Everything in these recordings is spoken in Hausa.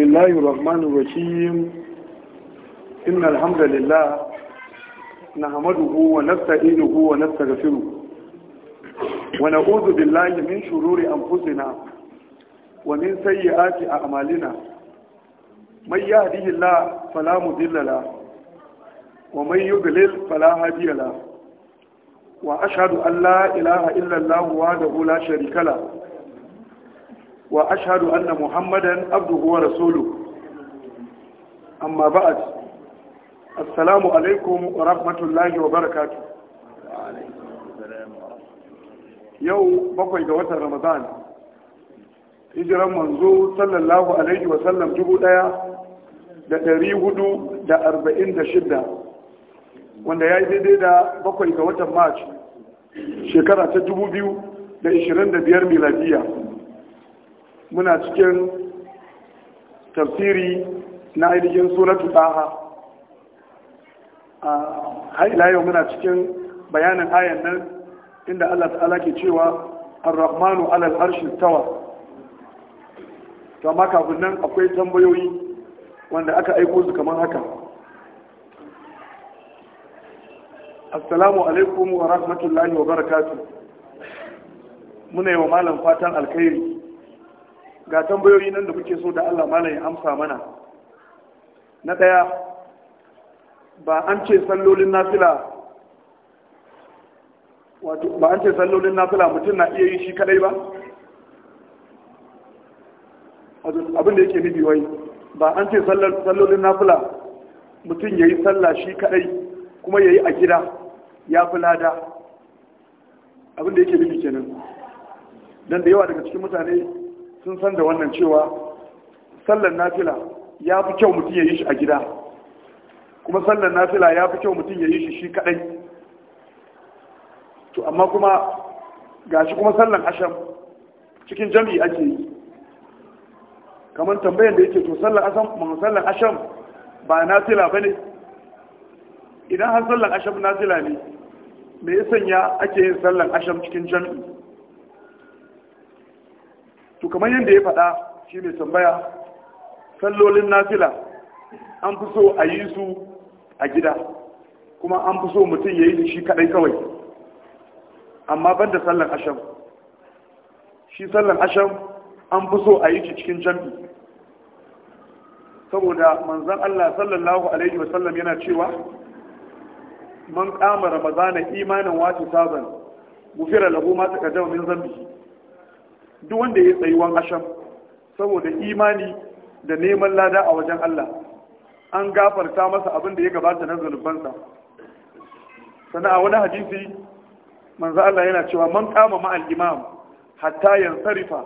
bismillahi rahmanu rahim innal hamdalillah nahmaduhu wa nasta'inuhu wa nastaghfiruh wa na'udhu billahi min shururi anfusina wa min sayyiati a'malina may yahdihillah fala mudilla la wa may Wa وأشهد أن محمدا Amma ورسوله أما بعد السلام عليكم ورحمة الله Yau bakwai ga watan رمضان hijiran manzo sallallahu alaihi wa sallam dubu daya da dari hudu da arba'in da shida wanda ya yi daidai da bakwai ga watan march shekara ta dubu biyu da ishirin da biyar miladiya muna cikin tafsiri na ainihin suratu taha a ila muna cikin bayanin ayan nan inda Allah ta'ala ke cewa ar-rahmanu alal arshi tawa ta maka kafin nan akwai tambayoyi wanda aka aiko su kamar haka assalamu alaikum wa rahmatullahi wa barakatu. muna yi wa malam fatan alkhairi ga tambayoyi nan da kuke so da Allah malai ya amsa mana na ɗaya ba an ce sallolin nafila wato ba an ce sallolin nafila mutum na iya yi shi kadai ba wato abin da yake nufi wai ba an ce sallolin nafila mutum ya yi sallah shi kadai kuma ya yi a gida ya fi lada abin da yake nufi kenan don da yawa daga cikin mutane sun san da wannan cewa sallar nafila ya fi kyau mutum ya yi shi a gida kuma sallar nafila ya fi kyau mutum ya yi shi shi kadai to amma kuma gashi kuma sallar asham cikin jami'i ake yi kamar tambayar da yake to sallar asham mun sallar asham ba nafila bane idan har sallar asham nafila ne me ya sanya ake yin sallar asham cikin jami'i to kamar yadda ya faɗa shi mai tambaya sallolin nafila an fi so a yi su a gida kuma an fi so mutum ya yi shi kaɗai kawai amma ban da sallan asham shi sallan asham an fi so a yi shi cikin jam'i saboda manzan Allah sallallahu alaihi wasallam yana cewa man kama ramazana imanin wata sabon gufira lagu ma ta kajawa min zambi duk wanda ya tsayuwan asham saboda imani da neman lada a wajen Allah an gafarta masa abin da ya gabata na zunubansa Sana'a wani hadisi manzo Allah yana cewa man kama ma'al imam hatta yansarifa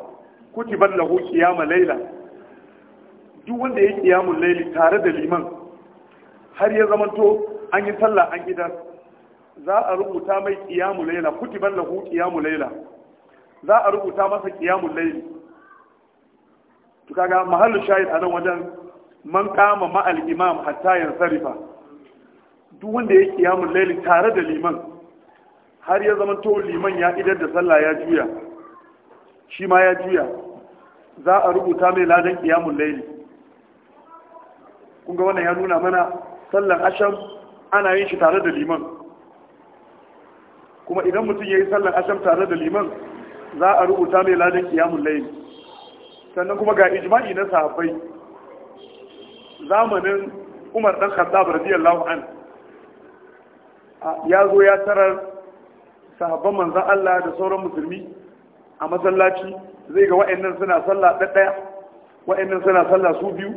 kutiban lahu qiyama layla duk wanda ya qiyamul layli tare da liman har ya zamanto an yi sallah an gidan za a rubuta mai qiyamul layla kutiban lahu qiyamul layla za a rubuta masa kiyamun laili. tukaga mahallu shahid a nan wajen man kama ma'al imam hatta sarifa duk wanda ya kiyamun laili tare da liman har ya zama to liman ya idar da sallah ya juya shi ma ya juya za a rubuta mai ladan kiyamun laili. kun ga wannan ya nuna mana sallan asham ana yin shi tare da liman kuma idan mutum ya yi sallan asham tare da liman za a rubuta mai ladan kiyamun laili sannan kuma ga ijma'i na sahabbai zamanin umar dan khattab radiyallahu an ya zo ya tarar sahabban manzan Allah da sauran musulmi a masallaci zai ga wa'annan suna sallah ɗaya wa'annan suna sallah su biyu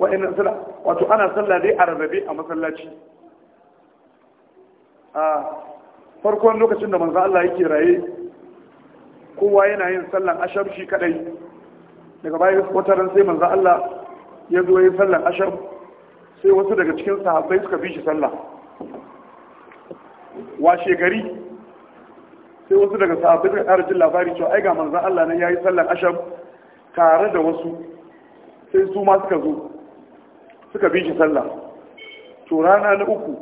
wa'annan suna wato ana sallah dai a rarrabe a masallaci a farkon lokacin da manzan Allah yake raye kowa yana yin sallan ashar shi kadai daga bayan wata ran sai manzo Allah ya zo yin sallan ashar sai wasu daga cikin sahabbai suka bi shi sallah washe gari sai wasu daga sahabbai suka ƙara jin labari cewa ai ga manzo Allah nan yayi sallan ashar tare da wasu sai su ma suka zo suka bi shi sallah to rana na uku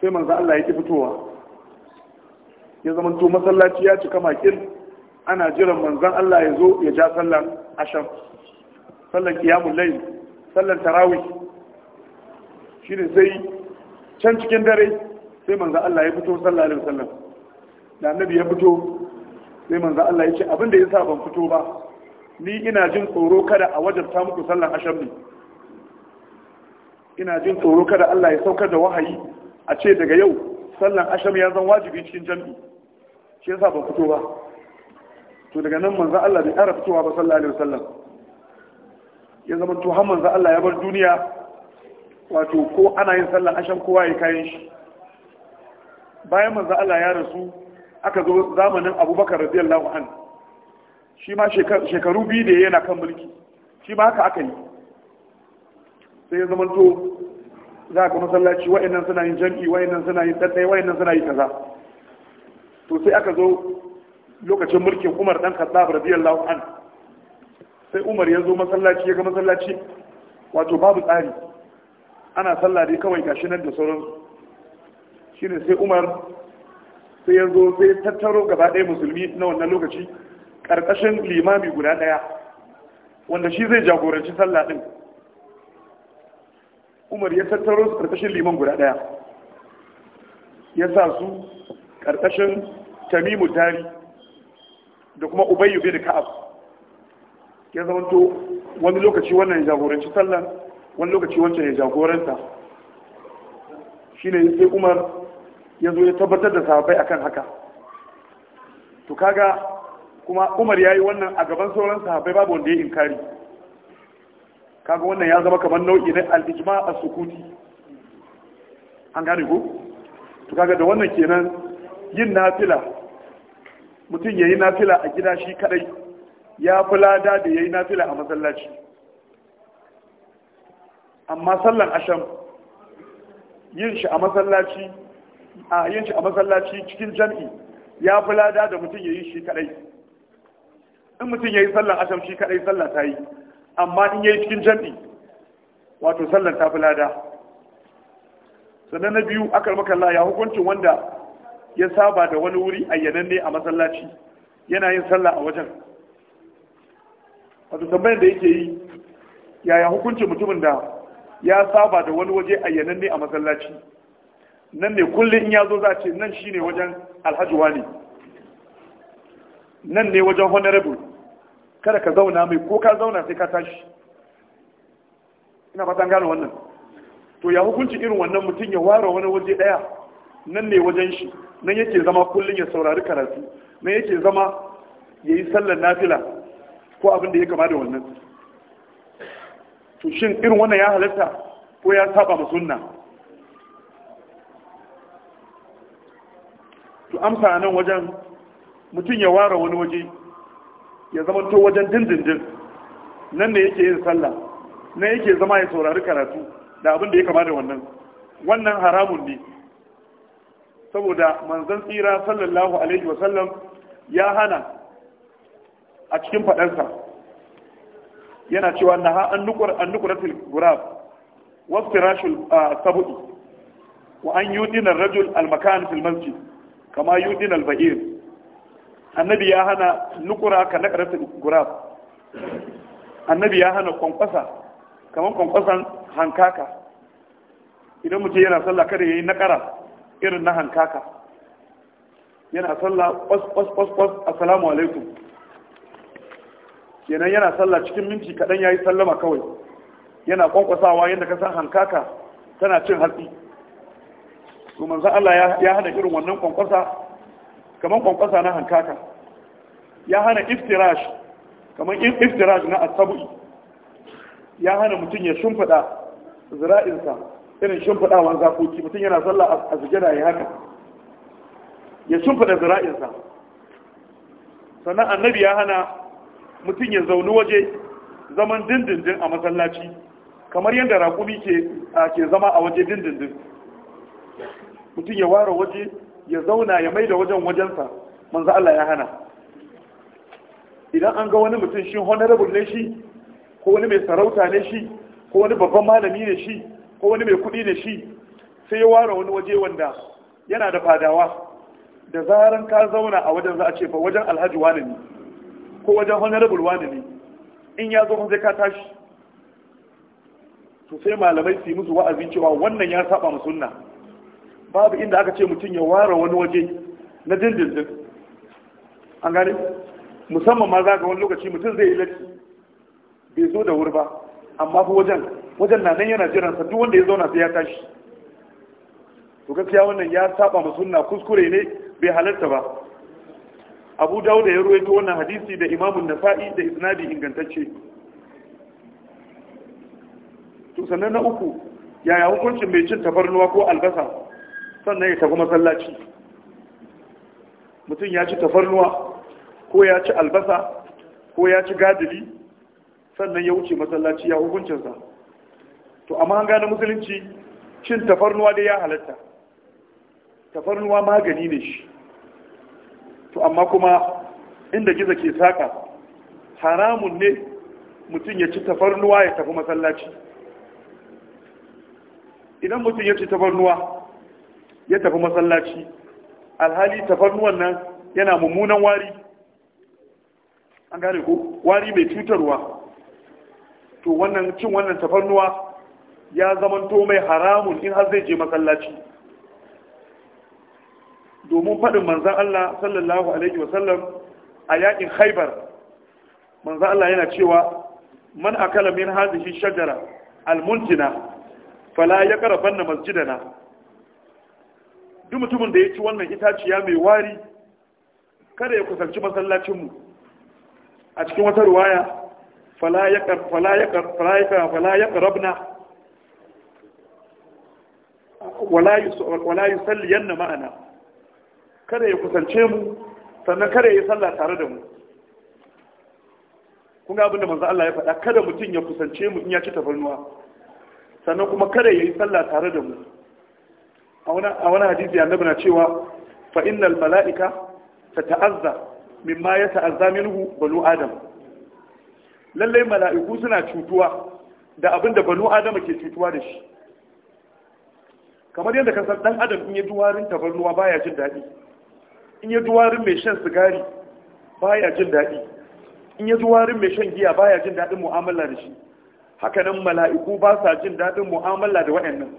sai manzo Allah ya ki fitowa ya zama to masallaci ya cika makil ana jiran manzan Allah ya zo ya ja sallan asham sallan kiyamun lai sallan tarawi shi ne sai can cikin dare sai manzan Allah ya fito sallar alaihi wasallam da annabi ya fito sai manzan Allah ya ce abinda ya yasa ban fito ba ni ina jin tsoro kada a ta muku sallan asham ne ina jin tsoro kada Allah ya saukar da wahayi a ce daga yau sallan asham ya zan wajibi cikin jami'i shi sa ban fito ba to daga nan manzo Allah bai ƙara fitowa ba sallallahu alaihi wasallam ya zama to har manzo Allah ya bar duniya wato ko ana yin sallar ashan kowa ya kayan shi bayan manzo Allah ya rasu aka zo zamanin Abubakar radiyallahu anhu shi ma shekaru biyu da yana kan mulki shi ma haka aka yi sai ya zama to za ka masallaci wa'annan suna yin jam'i wa'annan suna yin daddai wa'annan suna yin kaza to sai aka zo lokacin mulkin umar dan khattab radiyallahu an sai umar ya zo masallaci ya ga masallaci wato babu tsari ana sallah dai kawai gashi nan da sauran shine sai umar sai ya zo sai tattaro gaba ɗaya musulmi na wannan lokaci ƙarƙashin limami guda ɗaya wanda shi zai jagoranci sallah ɗin umar ya tattaro su ƙarƙashin liman guda ɗaya ya sa su ƙarƙashin tamimu tari da kuma ubayyu bin ka'ab ya to wani lokaci wannan ya jagoranci sallan wani lokaci wancan ya jagoranta shine sai umar ya zo ya tabbatar da sahabbai akan haka to kaga kuma umar ya yi wannan a gaban sauran sahabbai babu wanda ya inkari kaga wannan ya zama kamar nau'i na al-ijma sukuti an gane ko to kaga da wannan kenan yin nafila mutum ya yi nafila a gida shi kadai ya fi lada da ya yi nafila a masallaci amma sallan asham yin shi a masallaci a yin shi a masallaci cikin jam'i ya fi lada da mutum ya yi shi kadai in mutum ya yi sallan asham shi kadai sallan ta yi amma in ya yi cikin jam'i wato sallan ta fi lada sannan na biyu akal makalla ya hukuncin wanda ya saba da wani wuri ne a masallaci yana yin sallah a wajen wato tambayar da yake yi yaya hukuncin mutumin da ya saba da wani waje ne a masallaci nan ne kullum in ya zo za ce nan shine wajen alhajuwa ne nan ne wajen honorable kada ka zauna mai ko ka zauna sai ka tashi ina fatan gano wannan to ya hukunci irin wannan mutum ya ware wani waje daya nan ne wajen shi nan yake zama kullum ya saurari karatu nan yake zama ya yi sallar nafila ko abin da ya kama da wannan to shin irin wannan ya halatta ko ya saba ma sunna to amsa nan wajen mutum ya ware wani waje ya zama to wajen dindindin nan ne yake yin sallah nan yake zama ya saurari karatu da abin da ya kama da wannan wannan haramun ne saboda manzon tsira sallallahu alaihi wasallam ya hana a cikin faɗansa yana cewa na ha an nukuratul gurab wasu firashul sabu'i wa an yi yudin rajul almakan filmanci, masjid kama yudin alba'ir annabi ya hana nukura ka nakaratul gurab annabi ya hana kwankwasa kamar kwankwasan hankaka idan mutum yana sallah kada ya yi nakara irin na hankaka yana sallah kwas-kwas-kwas assalamu alaikum yanayi yana sallah cikin minti kaɗan ya yi sallama kawai yana kwankwasawa yadda ka san hankaka tana cin hatsi to za Allah ya hana irin wannan kwankwasa kamar kwankwasa na hankaka ya hana iftirash kamar iftirash na asabu'i ya hana mutum ya shumfada zira'insa irin a zakoki mutum yana sallah a sujada ya haka ya shimfiɗa zira'insa sannan annabi ya hana mutum ya zauni waje zaman dindindin a masallaci kamar yadda raƙumi ke zama a waje dindindin mutum ya ware waje ya zauna ya mai da wajen wajensa manzo Allah ya hana idan an ga wani mutum shi honorable ne shi ko wani mai sarauta ne shi ko wani babban malami ne shi ko wani mai kuɗi ne shi sai ya ware wani waje wanda yana da fadawa da zaran ka zauna a wajen za a ce fa wajen alhaji wani ne ko wajen honorable wani ne in ya zo sai ka tashi to sai malamai su yi musu wa'azi cewa wannan ya saba mu sunna babu inda aka ce mutum ya ware wani waje na dindindin an gane musamman ma za ga wani lokaci mutum zai yi latti bai zo da wuri ba amma fa wajen wajen na nan yana jiran sa duk wanda ya zauna sai ya tashi to gaskiya wannan ya saba mu sunna kuskure ne bai halarta ba Abu Dawud ya ruwaito wannan hadisi da Imam An-Nasa'i da isnadi ingantacce to sannan na uku yaya hukuncin mai cin tafarnuwa ko albasa sannan ya tafi masallaci mutum ya ci tafarnuwa ko ya ci albasa ko ya ci gadili sannan ya wuce masallaci ya hukuncinsa to amma an gane musulunci cin tafarnuwa dai ya halatta tafarnuwa magani ne shi to amma kuma inda gizo ke saka haramun ne mutum ya ci tafarnuwa ya tafi masallaci idan mutum ya ci tafarnuwa ya tafi masallaci alhali tafarnuwan nan yana mummunan wari an gane ko wari mai cutarwa to wannan cin wannan tafarnuwa ya zamanto mai haramun in har zai je masallaci domin faɗin manzan Allah sallallahu alaihi wasallam a yakin haibar manzan Allah yana cewa man akala min hadhihi shajara almuntina fala na masjidana duk mutumin da ya ci wannan itaciya mai wari kada ya kusanci masallacinmu a cikin wata ruwaya fala yaqrab fala wala yusalli yanna ma'ana kada ya kusance mu sannan kada ya yi sallah tare da mu kun ga abinda manzo Allah ya faɗa kada mutum ya kusance mu in ya ci tafarnuwa sannan kuma kada ya yi sallah tare da mu a wani hadisi annabi na cewa fa innal mala'ika tata'azza mimma ya ta'azza minhu banu adam Lallai mala'iku suna cutuwa da abinda banu adam ke cutuwa da shi kamar yadda kasar dan adam in yi duwarin tabarnuwa baya jin daɗi in yi duwarin mai shan sigari baya jin daɗi in yi duwarin mai shan giya baya jin daɗin mu'amala da shi hakanan mala'iku ba sa jin daɗin mu'amala da waɗannan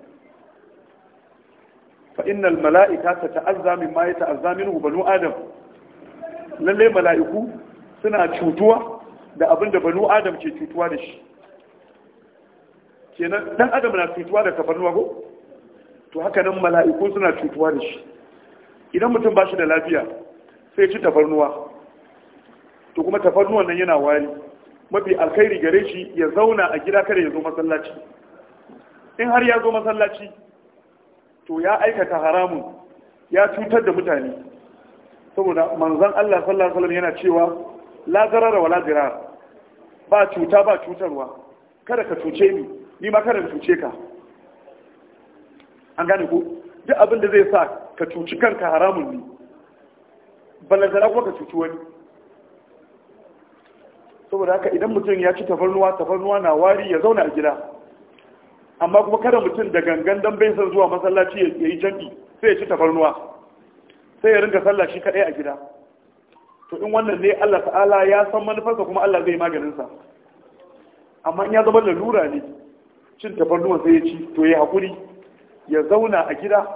fa mala'ika ta ta'azza min ma ya ta'azza minhu banu adam lalle mala'iku suna cutuwa da abin da banu adam ke cutuwa da shi kenan dan adam na cutuwa da tabarnuwa ko to haka nan mala'iku suna cutuwa da shi idan mutum ba shi da lafiya sai ci tafarnuwa to kuma tafarnuwan nan yana wari mafi alkhairi gare shi ya zauna a gida kada ya zo masallaci in har ya zo masallaci to ya aikata haramun ya cutar da mutane saboda manzan Allah sallallahu alaihi yana cewa la zarara wala dirar ba cuta ba cutarwa kada ka cuce ni ni ma kada ka cuce ka an gane ko duk abin da zai sa ka cuci kanka haramun ne zara kuma ka cuci wani saboda haka idan mutum ya ci tafarnuwa tafarnuwa na wari ya zauna a gida amma kuma kada mutum da gangan don bai san zuwa masallaci ya yi jam'i sai ya ci tafarnuwa sai ya ringa sallah shi kaɗai a gida to in wannan ne Allah ta'ala ya san manufarsa kuma Allah zai maganinsa amma in ya zama lalura ne cin tafarnuwa sai ya ci to ya yi hakuri. ya zauna a gida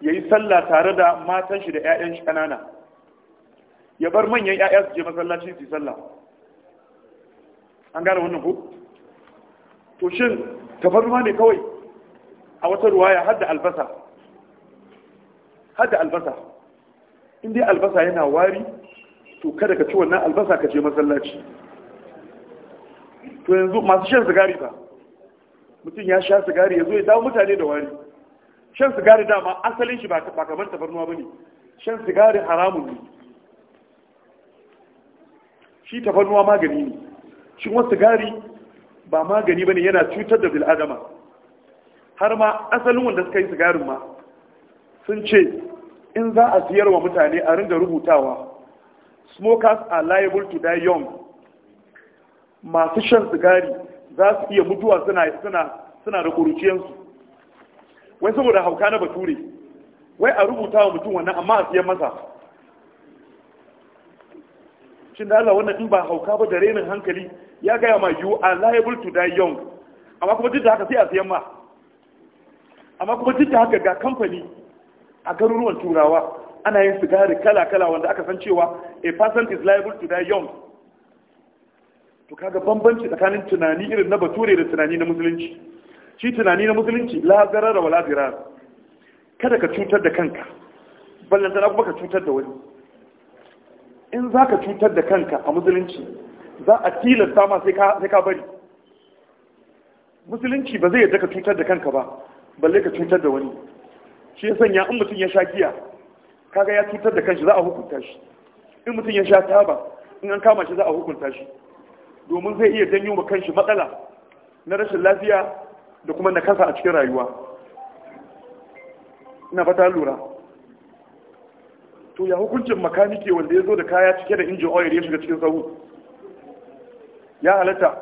ya yi sallah tare da matan shi da 'ya'yan shi kanana ya bar manyan 'ya'ya su je masallaci su yi sallah an gane wannan ku? to shin ma ne kawai a wata ruwaya ya da albasa hada albasa inda albasa yana wari to kada ka ci wannan albasa ka je masallaci to yanzu masu shan sigari ba mutum ya sha sigari ya zo ya dawo mutane da wari shan sigari dama asalin shi ba kamar tafarnuwa ba ne shan sigari haramun ne shi tafarnuwa magani ne shi wasu sigari ba magani ba ne yana cutar da bil'adama har ma asalin wanda suka yi sigarin ma sun ce in za a siyar wa mutane a ringa rubutawa smokers are liable to die young masu shan sigari za su iya mutuwa suna da ƙuruciyarsu wai saboda hauka na bature wai a rubuta wa mutum wannan amma a siyan masa shin da Allah wannan in ba hauka ba da renin hankali ya gaya ma you are liable to die young amma kuma duk da haka sai a siyan ma amma kuma duk da haka ga kamfani a garuruwan turawa ana yin sigari kala-kala wanda aka san cewa a person is liable to die young to kaga bambanci tsakanin tunani irin na bature da tunani na musulunci shi tunani na musulunci la zarara wala dirar kada ka cutar da kanka ballantana kuma ka cutar da wani in za ka cutar da kanka a musulunci za a tilasta ma sai ka bari musulunci ba zai yadda ka cutar da kanka ba balle ka cutar da wani shi ya sanya in mutum ya sha giya kaga ya cutar da kanshi za a hukunta shi in mutum ya sha taba in an kama shi za a hukunta shi domin zai iya janyo ma kanshi matsala na rashin lafiya da kuma nakasa a cikin rayuwa ina fata lura to ya hukuncin makanike wanda ya zo da kaya cike da injin oil ya shiga cikin sahu ya halatta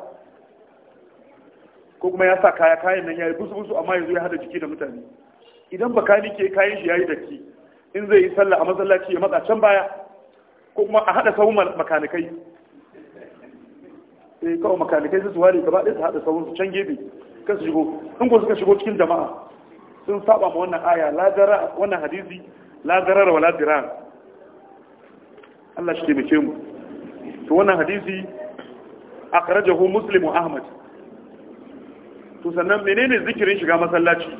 ko kuma ya sa kaya kayan nan ya yi busu-busu amma yanzu ya hada jiki da mutane idan makanike kayan shi ya yi daki in zai yi sallah a masallaci ya matsa can baya ko kuma a hada sahun makanikai eh kawai makanikai su su ware gaba ɗaya su hada sahun su can gefe suka shigo in ko suka shigo cikin jama'a sun saba ma wannan aya lagara wannan hadisi lagara wala ladira Allah shi taimake mu to wannan hadisi akhrajahu muslim ahmad to sannan menene zikirin shiga masallaci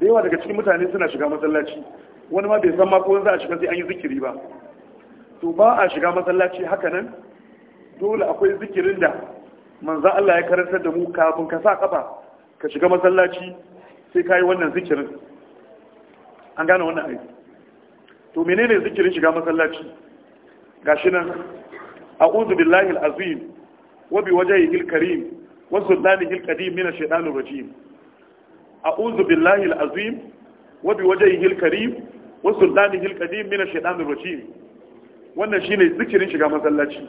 da yawa daga cikin mutane suna shiga masallaci wani ma bai san ma ko za a shiga sai an yi zikiri ba to ba a shiga masallaci haka nan dole akwai zikirin da manzo Allah ya karantar da mu kafin ka sa kafa ka shiga masallaci sai kai wannan zikirin an gane wannan aiki to menene zikirin shiga masallaci gashi nan a'udhu billahi al-azim wa bi wajhihi al-karim wa sultanihi al-qadim min ash-shaytanir rajim a'udhu billahi al-azim wa bi wajhihi al-karim wa sultanihi al-qadim min ash-shaytanir rajim wannan shine zikirin shiga masallaci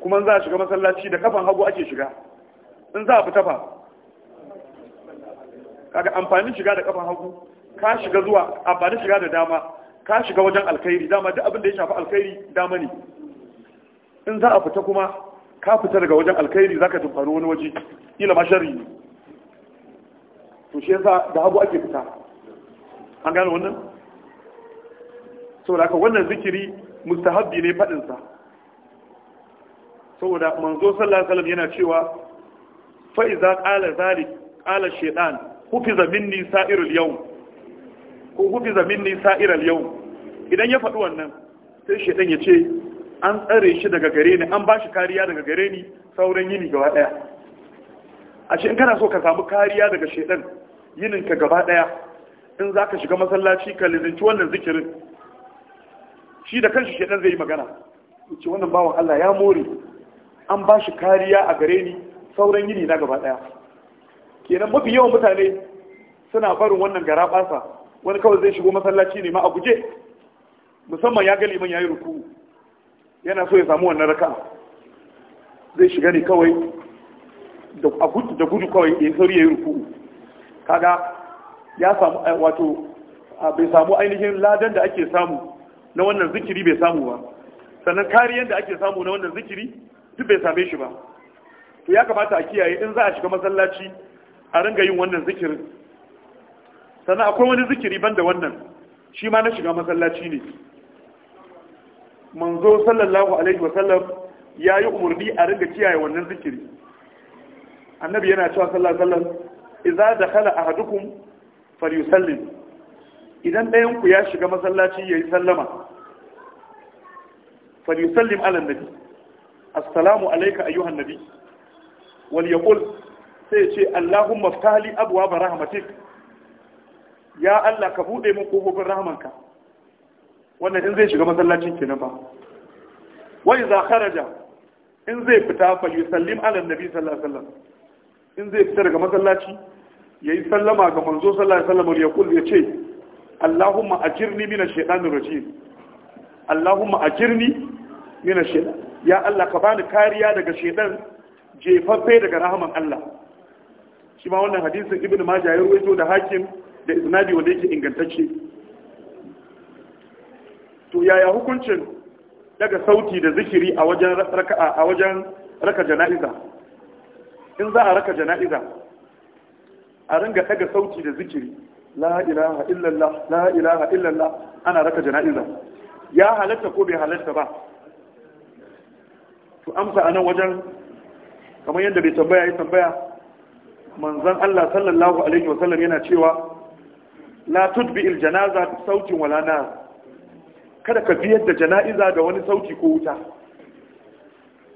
kuma za a shiga masallaci da kafan hagu ake shiga in za a fita fa kaga amfanin shiga da kafan hagu ka shiga zuwa amfanin shiga da dama ka shiga wajen alkhairi dama duk abin da ya shafi alkhairi dama ne in za a fita kuma ka fita daga wajen alkhairi za ka tumfani wani waje ila ma sharri ne to shi yasa da hagu ake fita an gane wannan saboda haka wannan zikiri mustahabbi ne faɗinsa. saboda manzo sallallahu alaihi wasallam yana cewa fa iza qala zalik qala shaytan hufiza minni sa'irul yawm ko hufiza minni sa'irul yawm idan ya faɗi wannan sai shaytan ya ce an tsare shi daga gare ni an bashi kariya daga gare ni sauran yini gaba daya a ce in kana so ka samu kariya daga shaytan ka gaba daya in zaka shiga masallaci ka lizinci wannan zikirin shi da kanshi shaytan zai yi magana ce wannan bawan Allah ya more an ba shi kariya a gare ni sauran yini na gaba daya kenan mafi yawan mutane suna barin wannan gara basa wani kawai zai shigo masallaci ne ma a guje musamman ya gali man yayi ruku yana so ya samu wannan raka zai shiga ne kawai da gudu kawai ya sauri yayi ruku kaga ya samu eh, wato bai samu ainihin ladan da ake samu na wannan zikiri bai samu ba sannan kariyar da ake samu na wannan zikiri duk bai same shi ba to ya kamata a kiyaye in za a shiga masallaci a ringa yin wannan zikirin sannan akwai wani zikiri banda wannan shi ma na shiga masallaci ne manzo sallallahu alaihi wasallam ya yi umarni a ringa kiyaye wannan zikiri annabi yana cewa sallallahu alaihi wasallam idza dakhala ahadukum falyusallim idan ɗayan ku ya shiga masallaci yayi sallama falyusallim ala nabi assalamu alayka ayyuhan nabi wal yaqul sai ce allahumma ftahli abwaab rahmatik ya Allah ka bude min kofofin rahmanka wannan in zai shiga masallacin kenan ba wa idza kharaja in zai fita fa yusallim ala nabi sallallahu alaihi wasallam in zai fita daga masallaci yayi sallama ga manzo sallallahu alaihi wasallam ya kul ya ce allahumma ajirni min ash-shaytanir rajim allahumma ajirni min ash-shaytan ya Allah ka bani kariya daga shedan jefaffe daga rahaman Allah shi ma wannan hadisin ibnu majah ya rawaito da hakim da isnadi wanda yake ingantacce to yaya hukuncin daga sauti da zikiri a wajen raka'a a wajen raka jana'iza in za a raka jana'iza a ringa daga sauti da zikiri la ilaha illallah la ilaha illallah ana raka jana'iza ya halatta ko bai halatta ba to amsa a nan wajen kamar yadda bai tambaya ya tambaya manzan Allah sallallahu alaihi wasallam yana cewa la tudbi il janaza sautin walana, kada ka biyar da jana'iza da wani sauti ko wuta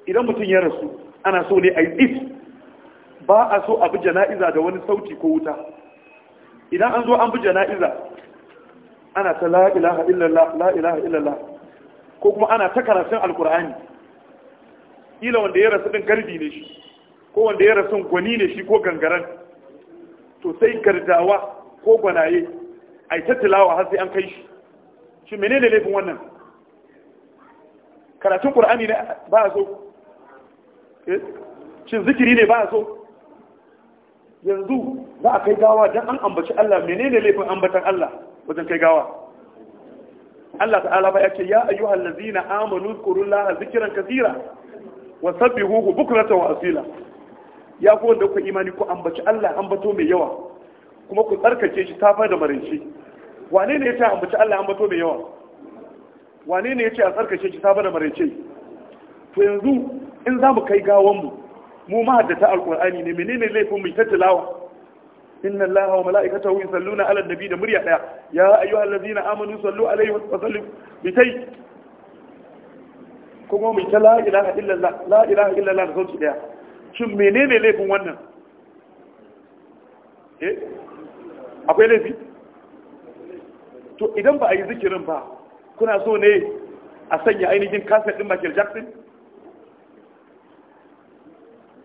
idan mutum ya rasu ana so ne a yi ba a so a bi jana'iza da wani sauti ko wuta idan an zo an bi jana'iza ana ta la ilaha illallah la ilaha illallah ko kuma ana ta karasin alkur'ani kila wanda ya rasu din karbi ne shi ko wanda ya rasu gwani ne shi ko gangaren to sai gardawa ko gwanaye a yi tattalawa har sai an kai shi shi menene laifin wannan karatun ƙura'ani ne ba a so eh? shin zikiri ne ba a so yanzu za a kai gawa don an ambaci Allah menene laifin ambatan Allah wajen kai gawa Allah ta'ala ba ya ce ya ayyuhal ladzina amanu zkurullaha zikran kaseera wa hu bukratan wa asila ya ku wanda ku imani ku ambaci Allah ambato mai yawa kuma ku tsarkake shi tafa da marinci wane ne yace ambaci Allah ambato mai yawa wane ne yace a tsarkake shi tafa da marinci to yanzu in za mu kai gawan mu mu haddata alqur'ani ne menene laifin mu ta tilawa inna allaha wa mala'ikatahu yusalluna ala nabi da murya daya ya ayyuhallazina amanu sallu alaihi wa sallimu bitai kuma mu ta la illallah la illallah da sauki daya shin menene laifin wannan eh akwai laifi to idan ba a yi zikirin ba kuna so ne a sanya ainihin kasar din Michael Jackson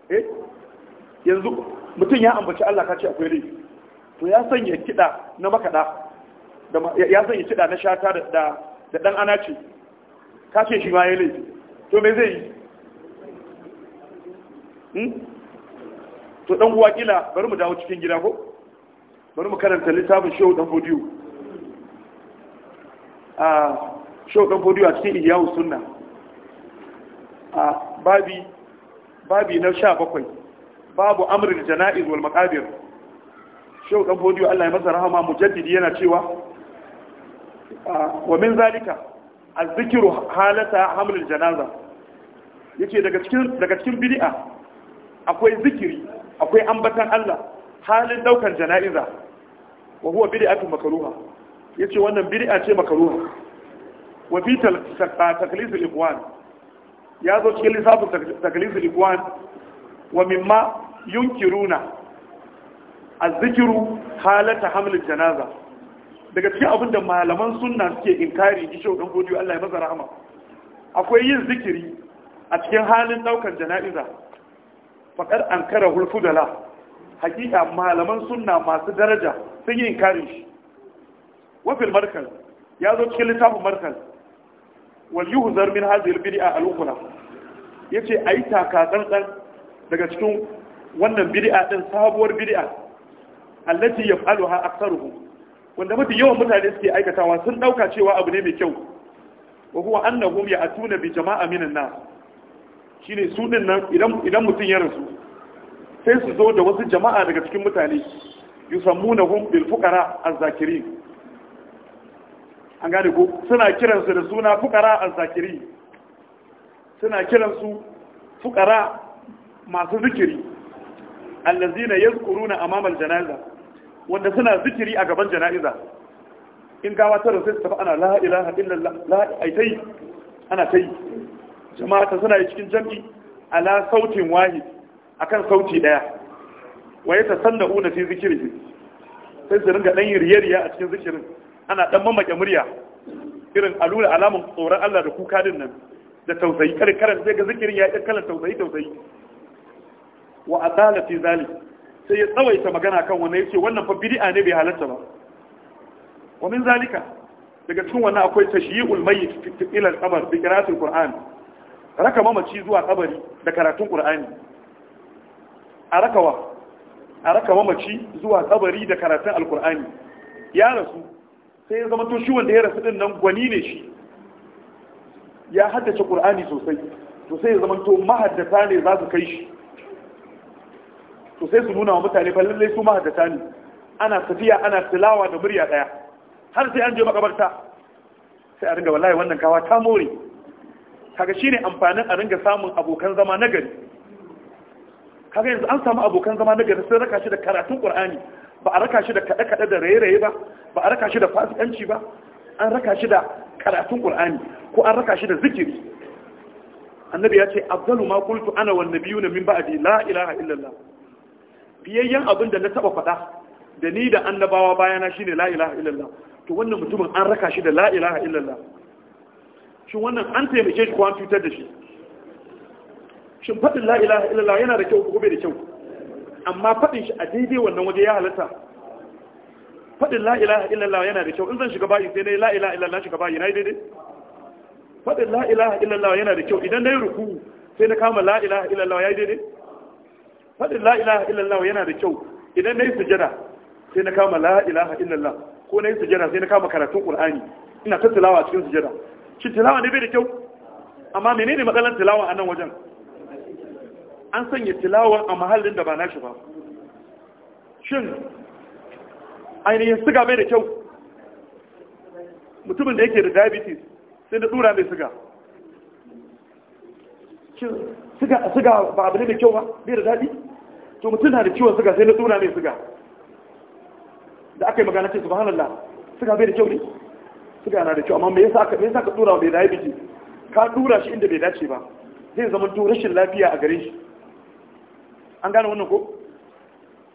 eh yanzu mutum ya ambaci Allah ka ce akwai laifi to ya sanya kida na makada ya sanya kida na shata da ɗan dan ana ce ka ce shi ma ya laifi to me zai yi hmm? to dan uwa kila bari mu dawo cikin gida ko bari mu karanta littafin show dan fodiyo a show dan fodiyo a cikin iyawu sunna a babi babi na 17 babu amrul janaiz wal maqabir show dan fodiyo Allah ya masa rahama mujaddidi yana cewa wa min zalika azzikiru halata hamlul janaza yace daga cikin daga cikin bid'a akwai zikiri akwai ambatan Allah halin daukan jana'iza wa huwa bid'atu makruha yace wannan bid'a ce makruha wa fi taklif ikwan ikhwan ya zo cikin lissafin taklif ikwan wa mimma yunkiruna azzikiru halata hamlul janaza daga cikin abin da malaman sunna suke inkari gisho dan godiyo Allah ya maza rahama akwai yin zikiri a cikin halin ɗaukar jana'iza faqad ankara hulfudala hakika malaman sunna masu daraja sun yi inkarin shi Wafin markal ya zo cikin littafin markal wal yuhzar min hadhihi a bid'a Ya ce yace ayi taka tsantsan daga cikin wannan bid'a ɗin sabuwar bid'a allati yaf'aluha aktsaruhum wanda mafi yawan mutane suke aikatawa sun dauka cewa abu ne mai kyau wa huwa annahum ya'tuna bi jama'a minan nas shine su din nan idan idan mutun ya rasu sai su zo da wasu jama'a daga cikin mutane yusammunahum bil fuqara az-zakirin an gane ko suna kiransu da suna fuqara az-zakirin suna kiransu fuqara masu zikiri allazina yazkuruna amama al-janaza wanda suna zikiri a gaban jana'iza in gawa ta rufe ta tafi ana la'ila haɗin la'aitai ana ta yi jama'a ta suna yi cikin jam'i ala sautin a kan sauti ɗaya waye ta sanna una fi zikiri sai su ringa ɗan yi riyariya a cikin zikirin ana ɗan mamaƙe murya irin alula alamun tsoron Allah da kuka din nan da tausayi kare kare sai ga zikirin ya yi kalan tausayi tausayi wa tsala fi zalik sai ya tsawaita magana kan wannan yace wannan fa bid'a ne bai halatta ba wa min zalika daga cikin wannan akwai tashyi'ul mayyit ila al-qabr bi qira'atil qur'an raka mamaci zuwa kabari da karatun qur'ani a rakawa a raka mamaci zuwa kabari da karatun alqur'ani ya rasu sai ya zama to shi wanda ya rasu din nan gwani ne shi ya haddace qur'ani sosai to sai ya zama to mahaddata ne za su kai shi to sai su nuna wa mutane fa lallai su mahaddata ne ana tafiya ana tilawa da murya daya har sai an je makabarta sai a ringa wallahi wannan kawa ta more kaga shine amfanin a ringa samun abokan zama na gari kaga yanzu an samu abokan zama na gari sai raka shi da karatun qur'ani ba a raka shi da kada kada da raye-raye ba ba a raka shi da fasikanci ba an raka shi da karatun qur'ani ko an raka shi da zikiri annabi ya ce afdalu ma qultu ana wan nabiyuna min ba'di la ilaha illallah fiyayyen abin da na taba faɗa da ni da annabawa bayana shine la ilaha illallah to wannan mutumin an raka shi da la ilaha illallah shin wannan an taimake shi ko an da shi shin faɗin la ilaha illallah yana da kyau ko bai da kyau amma faɗin shi a daidai wannan waje ya halatta faɗin la ilaha illallah yana da kyau in zan shiga bayi sai na yi la ilaha illallah shiga bayi na yi daidai faɗin la ilaha illallah yana da kyau idan na yi ruku sai na kama la ilaha illallah ya yi daidai faɗin la ilaha illallah yana da kyau idan na yi sujada sai na kama la ilaha illallah ko na yi sujada sai na kama karatun qur'ani ina ta tilawa cikin sujada shi tilawa ne bai da kyau amma menene matsalar tilawa a nan wajen an sanya tilawa a mahallin da ba na shi ba shin ainihin siga bai da kyau mutumin da yake da diabetes sai da dura mai siga siga ba abu ne da kyau ba bai da daɗi to mutum na da ciwon suga sai na tsura mai suga da aka yi magana ce su subhanallah suga bai da kyau ne suga na da kyau amma me yasa ka tsura bai ya biki ka tura shi inda bai dace ba zai zama to rashin lafiya a gare shi an gane wannan ko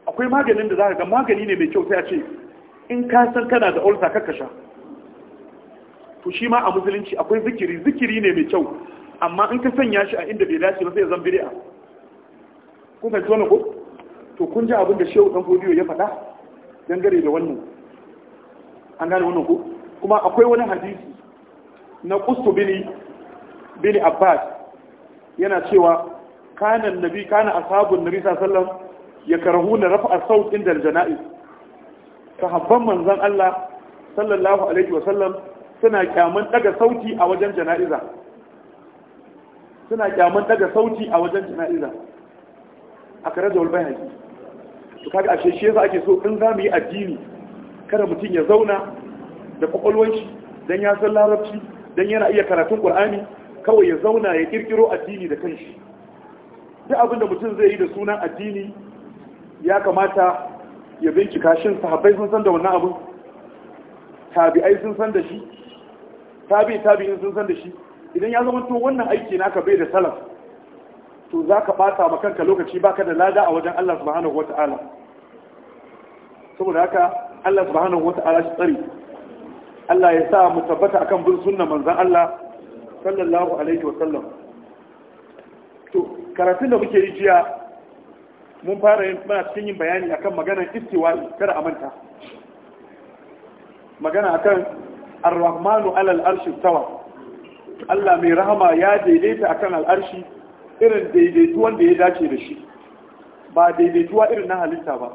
akwai maganin da za ka ga magani ne mai kyau sai a ce in ka san kana da ulcer kakka sha to shi ma a musulunci akwai zikiri zikiri ne mai kyau amma in ka sanya shi a inda bai dace ba sai zan bid'a kun fahimci wannan ko to kun ji abin da shehu ɗan fodiyo ya faɗa dangare da wannan an gane wannan ko kuma akwai wani hadisi na kustu bini bini abbas yana cewa kana nabi kana ashabun nabi sallallahu ya karahu na rafa saut inda aljana'i sahabban manzon Allah sallallahu alaihi wasallam suna kyaman daga sauti a wajen jana'iza suna kyaman daga sauti a wajen jana'iza a kare da walbayaki to kaga a sheshe yasa ake so in za mu yi addini kada mutum ya zauna da kwakwalwanshi dan ya san larabci dan yana iya karatun qur'ani kawai ya zauna ya kirkiro addini da kanshi duk abin da mutum zai yi da sunan addini ya kamata ya bincika shin sahabbai sun san da wannan abin tabi'ai sun san da shi tabi tabi'in sun san da shi idan ya zama to wannan aiki naka bai da salaf to za ka ɓata ma kanka lokaci baka da lada a wajen Allah subhanahu wata'ala saboda haka Allah subhanahu wata'ala shi tsari Allah ya sa mu tabbata akan bin sunna manzon Allah sallallahu alaihi wa sallam to karatun da muke yi jiya mun fara yin muna cikin yin bayani akan maganar istiwa'i kada a manta magana akan ar-rahmanu alal arshi tawa Allah mai rahama ya daidaita akan al-arshi irin daidaituwan da ya dace da shi ba daidaituwa irin na halitta ba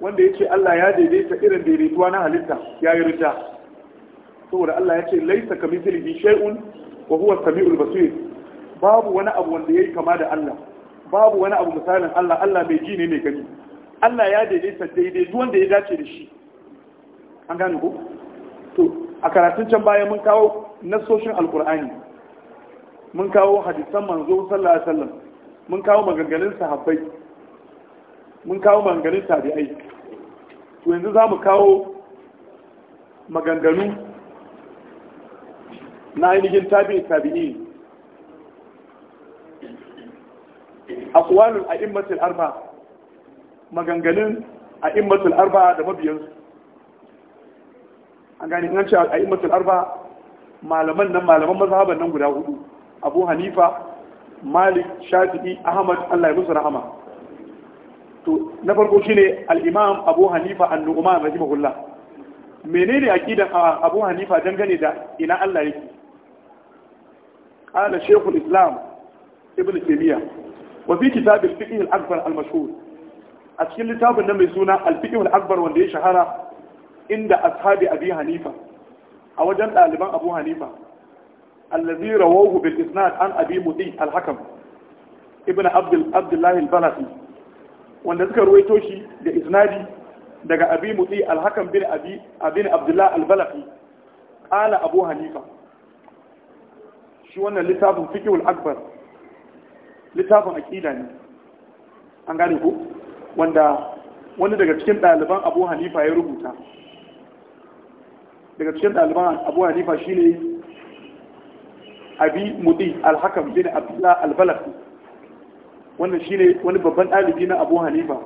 wanda ya ce Allah ya daidaita irin daidaituwa na halitta ya yi rita saboda Allah ya ce laisa ka bi shay'un wa huwa samiul basir babu wani abu wanda yayi kama da Allah babu wani abu misalin Allah Allah mai ji ne mai gani Allah ya daidaita daidaituwan da ya dace da shi an gane ku to a karatun can baya mun kawo nasoshin alkur'ani mun kawo hadisan manzo sallallahu alaihi wasallam mun kawo maganganun sahabbai mun kawo maganganun tabi'ai to yanzu za mu kawo maganganu na ainihin tabi'i tabi'i aqwalul al arba maganganun al arba da mabiyansu an gani an ce al arba malaman nan malaman mazhaban nan guda hudu abu hanifa malik shafi'i ahmad allah ya musu rahama to na farko shine al-imam abu hanifa an-nu'man rahimahullah menene aqidan abu hanifa dangane da ina allah yake qala shaykhul islam ibn taymiya wa fi kitab al al-akbar a cikin littafin nan mai suna al-fiqh akbar wanda ya shahara inda ashabi abi hanifa a wajen ɗaliban abu hanifa allazi rawahu bil isnad an abi mudi al hakam ibn abd abdullah wanda suka ruwaito shi da isnadi daga abi mudi al hakam bin abi abin abdullah al balasi hanifa shi wannan littafin littafin ne an gane ku wanda wani daga cikin ɗaliban abu hanifa ya rubuta daga cikin ɗaliban abu hanifa shi ne abi mudi alhakam bin abdullah al wannan shine wani babban ɗalibi na abu hanifa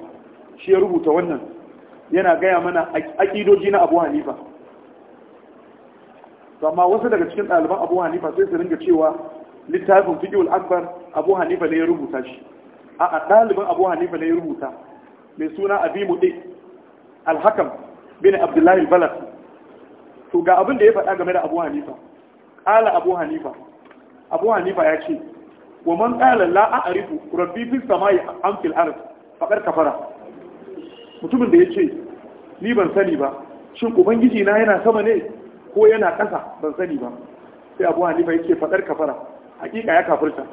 shi ya rubuta wannan yana gaya mana aƙidoji na abu hanifa amma wasu daga cikin ɗaliban abu hanifa sai su ringa cewa littafin fiƙiul akbar abu hanifa ne ya rubuta shi a ɗaliban abu hanifa ne ya rubuta mai suna abi mudi alhakam bin abdullahi balas to ga abin da ya faɗa game da abu hanifa ƙala abu hanifa abu hanifa ya ce wa man qala la a'rifu rabbi fis samai am fil ard faqad kafara mutumin da yace ni ban sani ba shin ubangiji na yana sama ne ko yana ƙasa ban sani ba sai abu hanifa yake fadar kafara Haƙiƙa ya kafirta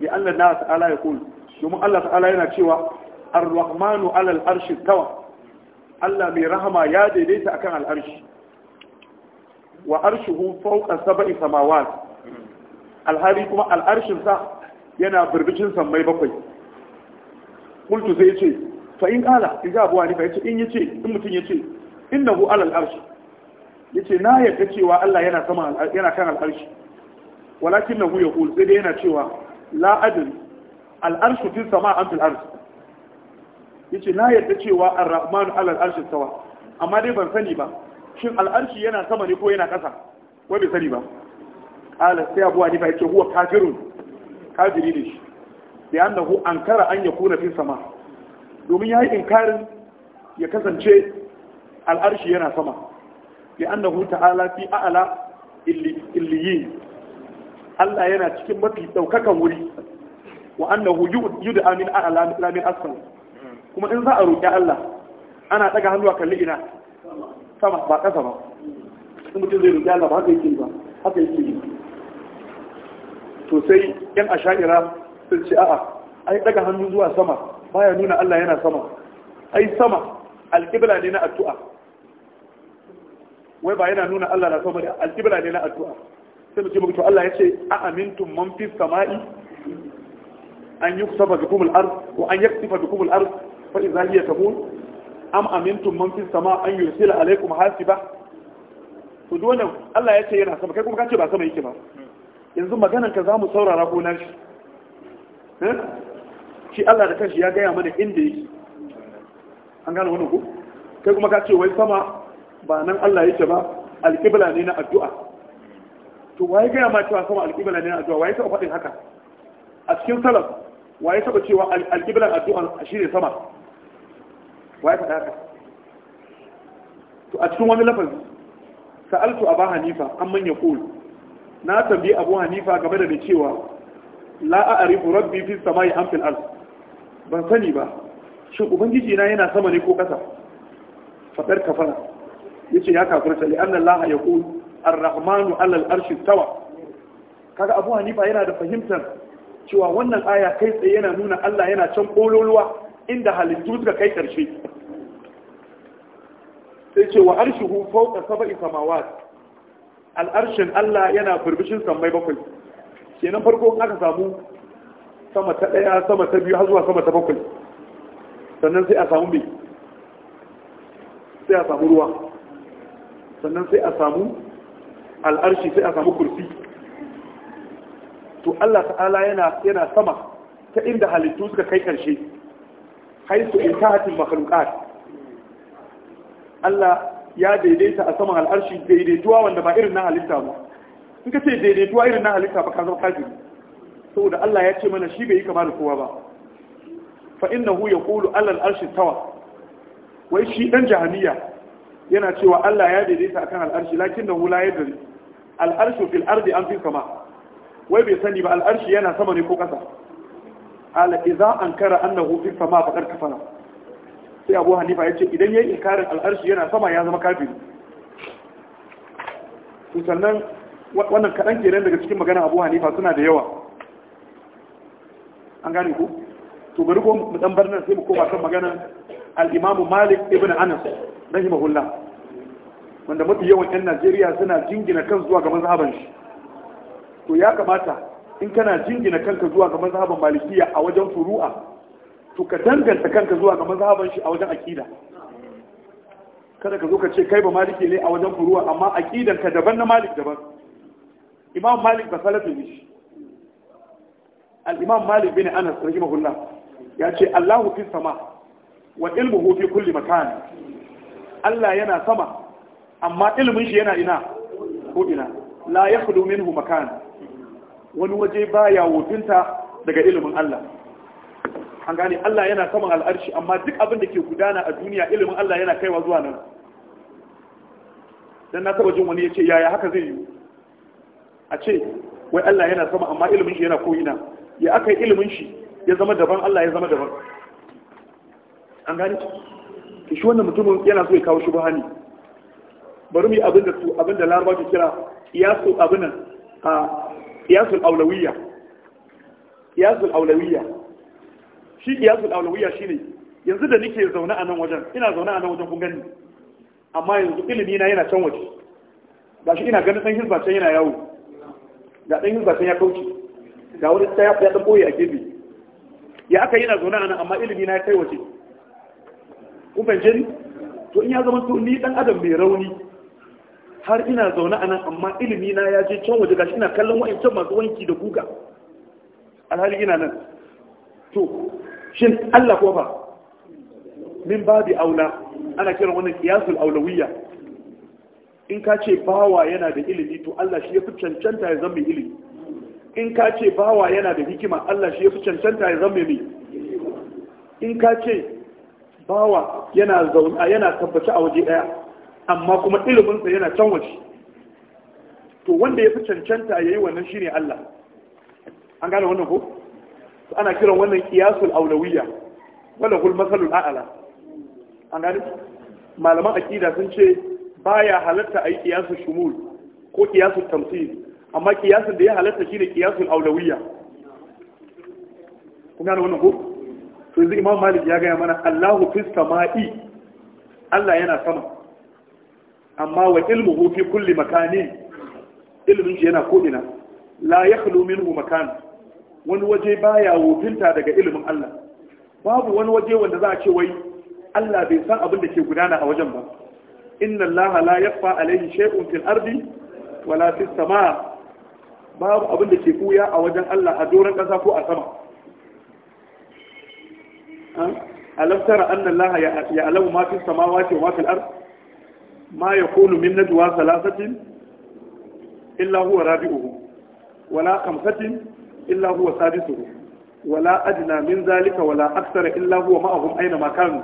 ya Allah na ta'ala ya kulu domin Allah ta'ala yana cewa ar-rahmanu arshi tawa Allah mai rahama ya daidaita akan al-arshi wa arshuhu fawqa sab'i samawat alhali kuma al'arshinsa yana birbicin sammai bakwai kultu zai ce fa in kala in ga abuwa ne fa yace in yace in mutum yace innahu alal arshi yace na yadda cewa Allah yana sama yana kan al'arshi walakin nahu yaqul sai dai yana cewa la adri al'arshu fil sama am fil arshi yace na yadda cewa ar-rahman alal arshi sawa amma dai ban sani ba shin al'arshi yana sama ne ko yana ƙasa Ko bai sani ba qala sai abu hanifa yace huwa kafirun kafiri ne shi da annahu ankara an yakuna fi sama domin yayi inkarin ya kasance al'arshi yana sama da annahu ta'ala fi a'la illiyin Allah yana cikin mafi daukakan wuri wa annahu yud'a min a'la la min asfal kuma in za a roƙi Allah ana daga hannu a kalli ina sama ba ƙasa ba in mutum zai roƙi Allah ba haka yake ba haka yake to sai yan asha'ira sun ce a'a ai daga hannu zuwa sama baya nuna Allah yana sama ai sama alƙibla ne na addu'a wai ba yana nuna Allah na sama ne alƙibla ne na addu'a sai mutum to Allah ya ce a amintum man fi sama'i an yuksafa bikum al-ard wa an yaktifa bikum al-ard fa idza hiya tabur am amintum man fi sama an yursila alaykum hasiba to dole Allah ya ce yana sama kai kuma ka ce ba sama yake ba yanzu maganarka za mu saurara ko nashi eh? shi Allah da kanshi ya gaya mana inda yake an gane wani ku kai kuma ka ce wai sama ba nan Allah yake ba alƙibla ne na addu'a to waye gaya ma cewa sama alƙibla ne na addu'a waye taɓa faɗin haka a cikin salaf waye taɓa cewa alƙiblan addu'a shi ne sama waye faɗa haka to a cikin wani lafazi sa'altu aba hanifa an manya kulu na tambayi abu hanifa game da da cewa la a'rifu rabbi fi samai am Al. ban sani ba shin ubangiji na yana sama ne ko kasa fadar kafara yace ya kafirta li anna allaha laha ar-rahmanu 'ala al-arshi tawa kaga abu hanifa yana da fahimtar cewa wannan aya kai tsaye yana nuna Allah yana can kololuwa inda halittu suka kai ƙarshe. sai ce wa arshihu fawqa sab'i samawat al'arshin Allah yana furbishin sammai bakwai kenan farko aka samu sama ta ɗaya sama ta biyu har zuwa sama ta bakwai sannan sai a samu mai sai a samu ruwa sannan sai a samu al'arshi sai a samu kursi to Allah ta'ala yana sama ta inda halittu suka kai ƙarshe haisu in ta hatin makhlukat Allah ya daidaita a saman al'arshi daidaituwa wanda ba irin na halitta ba in ka ce daidaituwa irin na halitta ba ka zama kafiri saboda Allah ya ce mana shi bai yi kama da kowa ba fa innahu Kulu alal arshi tawa wai shi dan jahaniya yana cewa Allah ya daidaita akan al'arshi lakinnahu hula yadri al'arshu fil ardi an fi kama. wai bai sani ba al'arshi yana sama ne ko kasa ala idza ankara annahu fi sama faqad kafara sai abu hannifa ya ce idan ya yi inkarin al'arshi yana sama ya zama kafin su sannan wannan kaɗan kenan daga cikin magana abu hannifa suna da yawa an gane ku to bari ko mu dan barnan sai mu koma kan magana al malik ibn anas rahimahullah wanda mafi yawan yan najeriya suna jingina kan zuwa ga mazhaban shi to ya kamata in kana jingina kanka zuwa ga mazhaban malikiya a wajen furu'a to ka danganta kanka zuwa ga mazhaban shi a wajen akida kada ka zo ka ce kai ba maliki ne a wajen furuwa amma aqidan ka daban na malik daban imam malik ba Salatu ne shi al imam malik bin anas rahimahullah ya ce allahu fi sama wa ilmuhu fi kulli makan allah yana sama amma ilmin shi yana ina ko ina la yakhlu minhu makan wani waje baya wofinta daga ilimin allah an gane Allah yana saman al'arshi amma duk abin da ke gudana a duniya ilimin Allah yana kaiwa zuwa nan dan na taba jin wani ya ce yaya haka zai yi a ce wai Allah yana sama amma ilimin shi yana koyina. ya aka yi ilimin shi ya zama daban Allah ya zama daban an gane ki shi wannan mutumin yana so ya kawo shi ba hani bari mu yi abin da su abin da Laraba ke kira Iyasu abinan a iyasu aulawiyya shi qiyasul awlawiyya shine yanzu da nake zaune a nan wajen ina zaune a nan wajen kun gani amma yanzu ilimi na yana can waje shi ina ganin san hizba can yana yawo ga dan hizba can ya kauce ga wani ta ya dan boye a gefe ya aka yana zaune a nan amma ilimi na ya kai waje kun ban jini to in ya zama to ni dan adam mai rauni har ina zaune a nan amma ilimi na ya je can waje gashi ina kallon wa'ancan masu wanki da guga alhali ina nan to shin Allah ko ba min babi aula ana kiran wannan qiyasul aulawiyya in ka ce bawa yana da ilimi to Allah shi yafi cancanta ya zama ilimi in ka ce bawa yana da hikima Allah shi yafi cancanta ya zama mai in ka ce bawa yana zauna yana tabbaci a waje daya amma kuma iliminsa yana can waje to wanda yafi cancanta yayi wannan shine Allah an gane wannan ko ana kiran wannan kiyasun aulawiyya wala kul masalul a'la an gani malaman aqida sun ce baya halatta ayi kiyasul shumul ko kiyasul tamthil amma kiyasul da ya halatta shine kiyasul aulawiyya kun gane wannan ko to yanzu imam malik ya gaya mana allahu fis sama'i allah yana sama amma wa ilmuhu fi kulli makani, ilmin shi yana ko ina la yakhlu minhu makan wani waje baya wofinta daga ilimin Allah babu wani waje wanda za a ce wai Allah bai san abin da ke gudana a wajen ba inna Allah la yakhfa alayhi shay'un fil ardi wala fis samaa babu abin da ke kuya a wajen Allah a doron kasa ko a sama alam tara anna Allah ya'lamu ma fis samawati wa ma fil ardi ma yakunu min najwa thalathatin illa huwa rabi'uhum wala khamsatin illa huwa sadisuhu wala adna min zalika wala aksara illa huwa ma'ahum aina ma kanu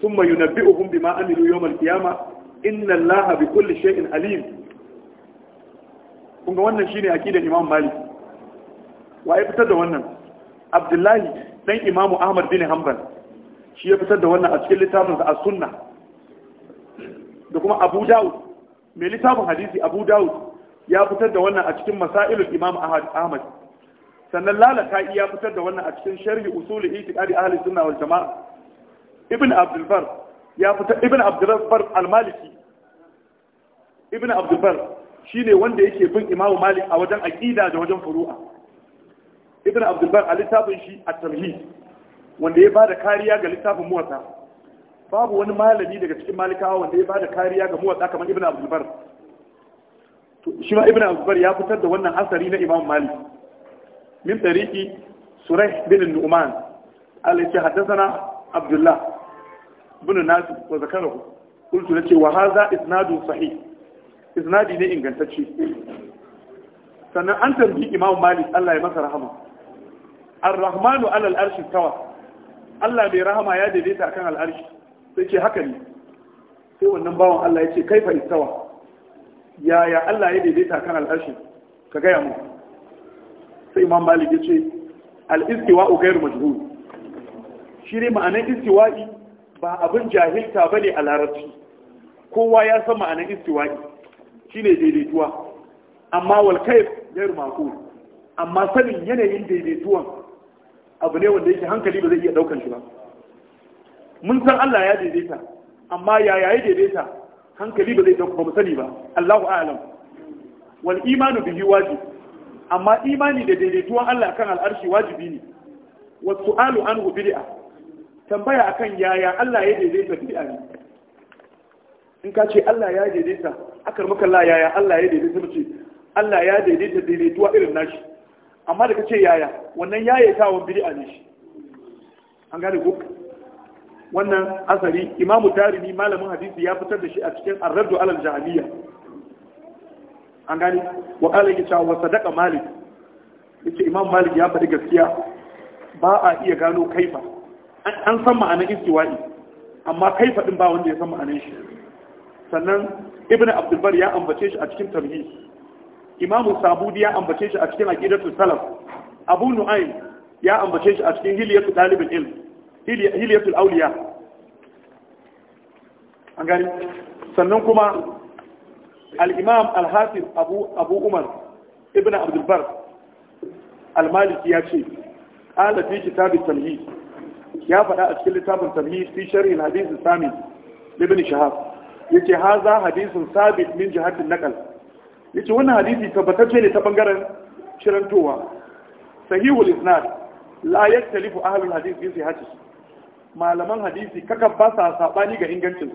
thumma yunabbi'uhum bima amilu yawm al-qiyamah inna allaha bi kulli shay'in alim Kunga wannan shine akidar imam malik wa ya fitar da wannan abdullahi dan imamu ahmad bin hanbal shi ya fitar da wannan a cikin littafinsa a sunna da kuma abu dawud mai littafin hadisi abu dawud ya fitar da wannan a cikin masailul imam ahmad sannan lalata iya fitar da wannan a cikin sharhi usul itiqadi ahli sunna wal jamaa ibn abdul bar ya fitar ibn abdul bar al maliki ibn abdul bar shine wanda yake bin imamu malik a wajen aqida da wajen furu'a ibn abdul bar a littafin shi at-tamhid wanda ya bada kariya ga littafin muwatta babu wani malami daga cikin malikawa wanda ya bada kariya ga muwatta kamar ibn abdul bar to shi ma ibn abdul bar ya fitar da wannan asari na imamu malik min tariki surayh bin nu'man alaihi haddathana abdullah bin nafi wa zakarahu qultu nace wa hadha isnadu sahih isnadi ne ingantacce sannan an tambayi imam malik Allah ya masa rahma. ar-rahmanu ala al-arshi Allah bai rahama ya daidaita akan al-arshi sai ce haka ne sai wannan bawan Allah ya ce kaifa istawa yaya Allah ya daidaita akan al ka gaya mu sai imam malik ya ce al-istiwa gairu majhul shi ne ma'anar istiwa'i ba abin jahilta bane a larabci kowa ya san ma'anar istiwa'i shine daidaituwa amma wal kayf ghairu maqul amma sanin yanayin daidaituwan abu ne wanda yake hankali ba zai iya daukar shi ba mun san Allah ya daidaita amma ya ya daidaita hankali ba zai daukar ba mu sani ba Allahu a'lam wal imanu bihi wajib amma imani da daidaituwan Allah kan al'arshi wajibi ne wa su'alu an bid'a tambaya akan yaya Allah ya daidaita bid'a ne in ka ce Allah ya daidaita akar maka la yaya Allah ya daidaita mace Allah ya daidaita daidaituwa irin nashi amma da kace yaya wannan wani bid'a ne shi an gane ko wannan asari imamu Tarihi, malamin hadisi ya fitar da shi a cikin ar-raddu alal an gani wa kala yake cewa wa sadaka malik yace imam malik ya faɗi gaskiya ba a iya gano kaifa an san ma'anar istiwa'i amma kaifa din ba wanda ya san ma'anar shi sannan ibn abdulbar ya ambace shi a cikin tarhis imam sabudi ya ambace shi a cikin aqidatu salaf abu nu'aym ya ambace shi a cikin hilyatul talibul ilm hilyatul awliya an gani sannan kuma al-imam al-hafiz abu umar ibn abdul bar al-maliki ya ce qala fi kitab at ya faɗa a cikin littafin tamhid fi sharh al-hadith sami ibn shahab yace haza hadisin sabit min jihat an-naql yace wannan hadisi tabbatacce ne ta bangaren shirantowa sahihul isnad la yaktalifu hadisi hadith fi sihhatihi malaman hadisi kakan basa saɓani ga ingancin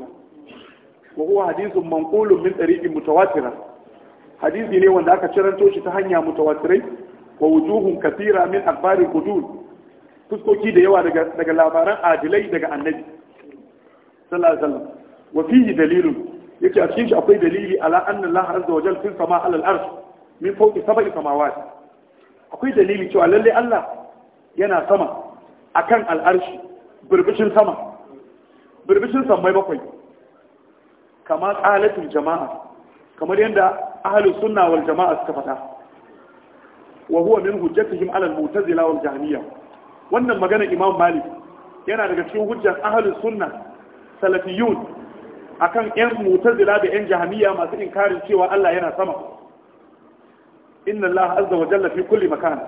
wa huwa hadithun manqulun min tariqin mutawatira hadisi ne wanda aka ciranto shi ta hanya mutawatirai wa wujuhun kathira min akhbari hudud fuskoki da yawa daga daga labaran adilai daga annabi sallallahu alaihi wasallam wa fihi dalilun a cikin shi akwai dalili ala anna Allah azza wa jalla fil sama ala al-arsh min fawqi sab'i samawat akwai dalili cewa lalle Allah yana sama akan al-arshi birbishin sama bakwai kama qalatul jama'a kamar yadda ahlus wal jama'a suka fata wa huwa min hujjatihim ala al-mu'tazila wal wannan magana imam malik yana daga cikin hujjar ahlus sunna salafiyun akan yan mu'tazila da yan jahmiyya masu inkarin cewa Allah yana sama inna Allah azza wa jalla fi kulli makan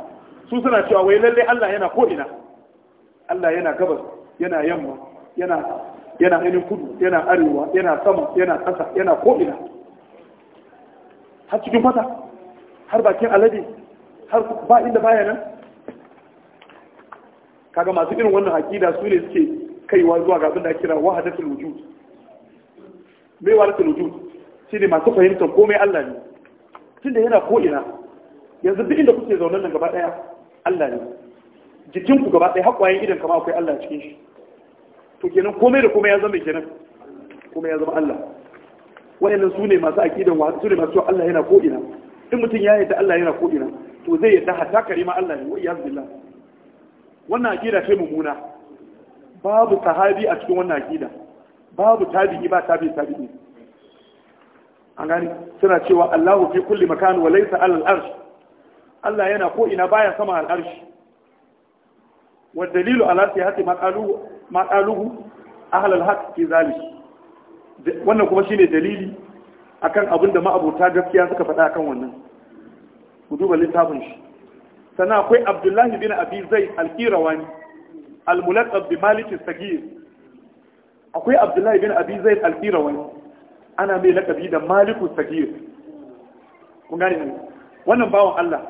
su suna cewa wai lalle Allah yana ko ina Allah yana gabas yana yamma yana yana ainihin kudu yana arewa yana sama yana ƙasa yana ko'ina har cikin mata har bakin alade har ba inda baya nan kaga masu irin wannan aƙida su ne suke kaiwa zuwa ga abin da kira wahadatul wujud mai wahadatul wujud shine masu fahimtar komai Allah ne tunda yana ko'ina yanzu duk inda kuke zaune nan gaba daya Allah ne jikinku gaba daya haƙwayen idan kama akwai Allah cikin shi to kenan komai da komai ya zama kenan komai ya zama Allah wayannan su ne masu aqidan wa su ne masu cewa Allah yana ko'ina. ina in mutum ya yarda Allah yana ko'ina, to zai yarda ta karima Allah ne wa iyaz wannan aqida ce mumuna babu sahabi a cikin wannan aqida babu tabi'i ba tabi'i tabi'i an gani suna cewa Allahu fi kulli makan wa laysa alal arsh Allah yana ko'ina ina baya sama al arsh wa dalilu ala sihati maqalu ma ɗaluhu ahalal haƙ ke zali wannan kuma shine dalili akan abin da ma'abuta gaskiya suka faɗa akan wannan ku duba littafin shi sana akwai abdullahi bin abi zai alkirawani almulaqab bi maliki sagir akwai abdullahi bin abi zai alkirawani ana mai laƙabi da maliku sagir kun gane ne wannan bawan Allah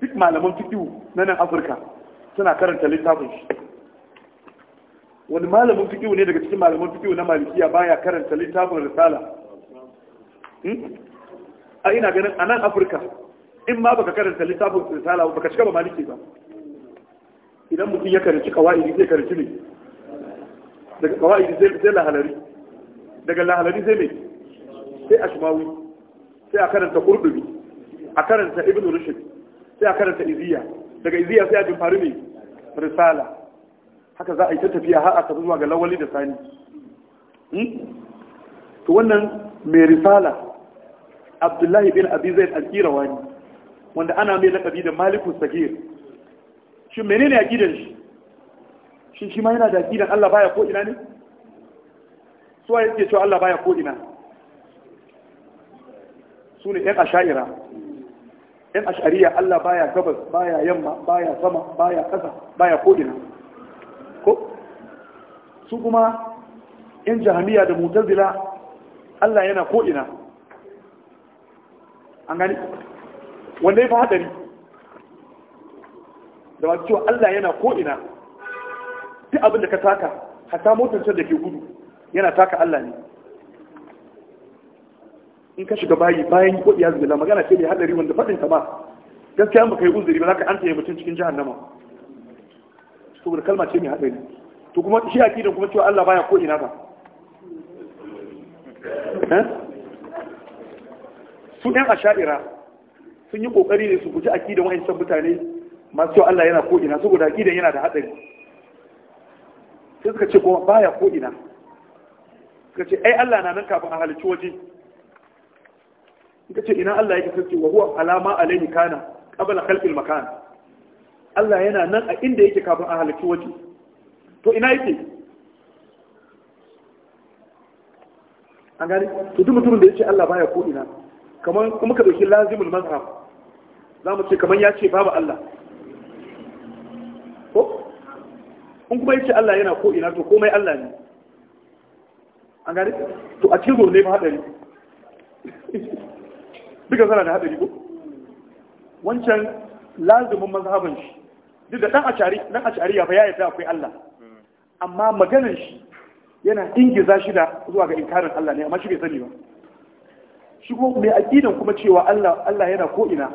duk malaman fiqh na nan Afirka suna karanta littafin shi wani malamin fiƙiyu ne daga cikin malamin fiƙiyu na malikiya baya karanta littafin risala hmm? a ina ganin a nan afirka in ma baka karanta littafin risala baka cika ba maliki ba idan mutum ya karanci kawai zai karanci ne daga kawai zai lahalari daga lahalari zai mai sai a shimawi sai a karanta kurdubi a karanta ibn rushd sai a karanta iziya daga iziya sai a jin faru ne risala haka za a yi ta tafiya har a tafi zuwa ga lawali da sani hmm? to wannan mai risala abdullahi bin abi zaid al-qirawa wanda ana mai lakabi da maliku sagir shi menene aqidar shi shin shi ma yana da aqidar Allah baya ko ina ne suwa yake cewa Allah baya ko ina sune yan asha'ira yan ash'ariya Allah baya gabas baya yamma baya sama baya kasa baya ko ina ko su kuma in jahamiya da mutazila Allah yana ko'ina an gani wanda ya fi haɗari da masu cewa Allah yana ko'ina duk abin da ka taka hata can da ke gudu yana taka Allah ne in ka shiga bayi bayan kwaɗi ya zubila magana ce mai haɗari wanda faɗinta ba gaskiya ba yi uzuri ba za ka an yi mutum cikin jihar nama saboda kalma ce mai haɗari to kuma shi aqida kuma cewa Allah baya ko ina ba eh? su ɗan Shaira sun yi ƙoƙari ne su guji aƙidan can mutane masu cewa Allah yana ko ina saboda aƙidan yana da haɗari sai suka ce kuma baya ko ina suka ce ai Allah na nan kafin a halicci waje suka ce ina Allah yake kasance wa huwa alama alaihi kana qabla khalqil makan Allah yana nan a inda yake kafin a halarci waje to ina yake an gani to duk mutumin da ya ce Allah baya ko ina kamar kuma ka dauki lazimul mazhab za mu ce kamar ya ce babu Allah ko in kuma ya ce Allah yana ko ina to komai Allah ne an gani to a cikin ne ba hadari duka sana da hadari ko wancan lazimin mazhaban shi duk da dan ashari dan ba ya yi ya akwai Allah amma maganar shi yana ingiza shi da zuwa ga inkarin Allah ne amma shi bai sani ba shi kuma mai aqidan kuma cewa Allah Allah yana ko ina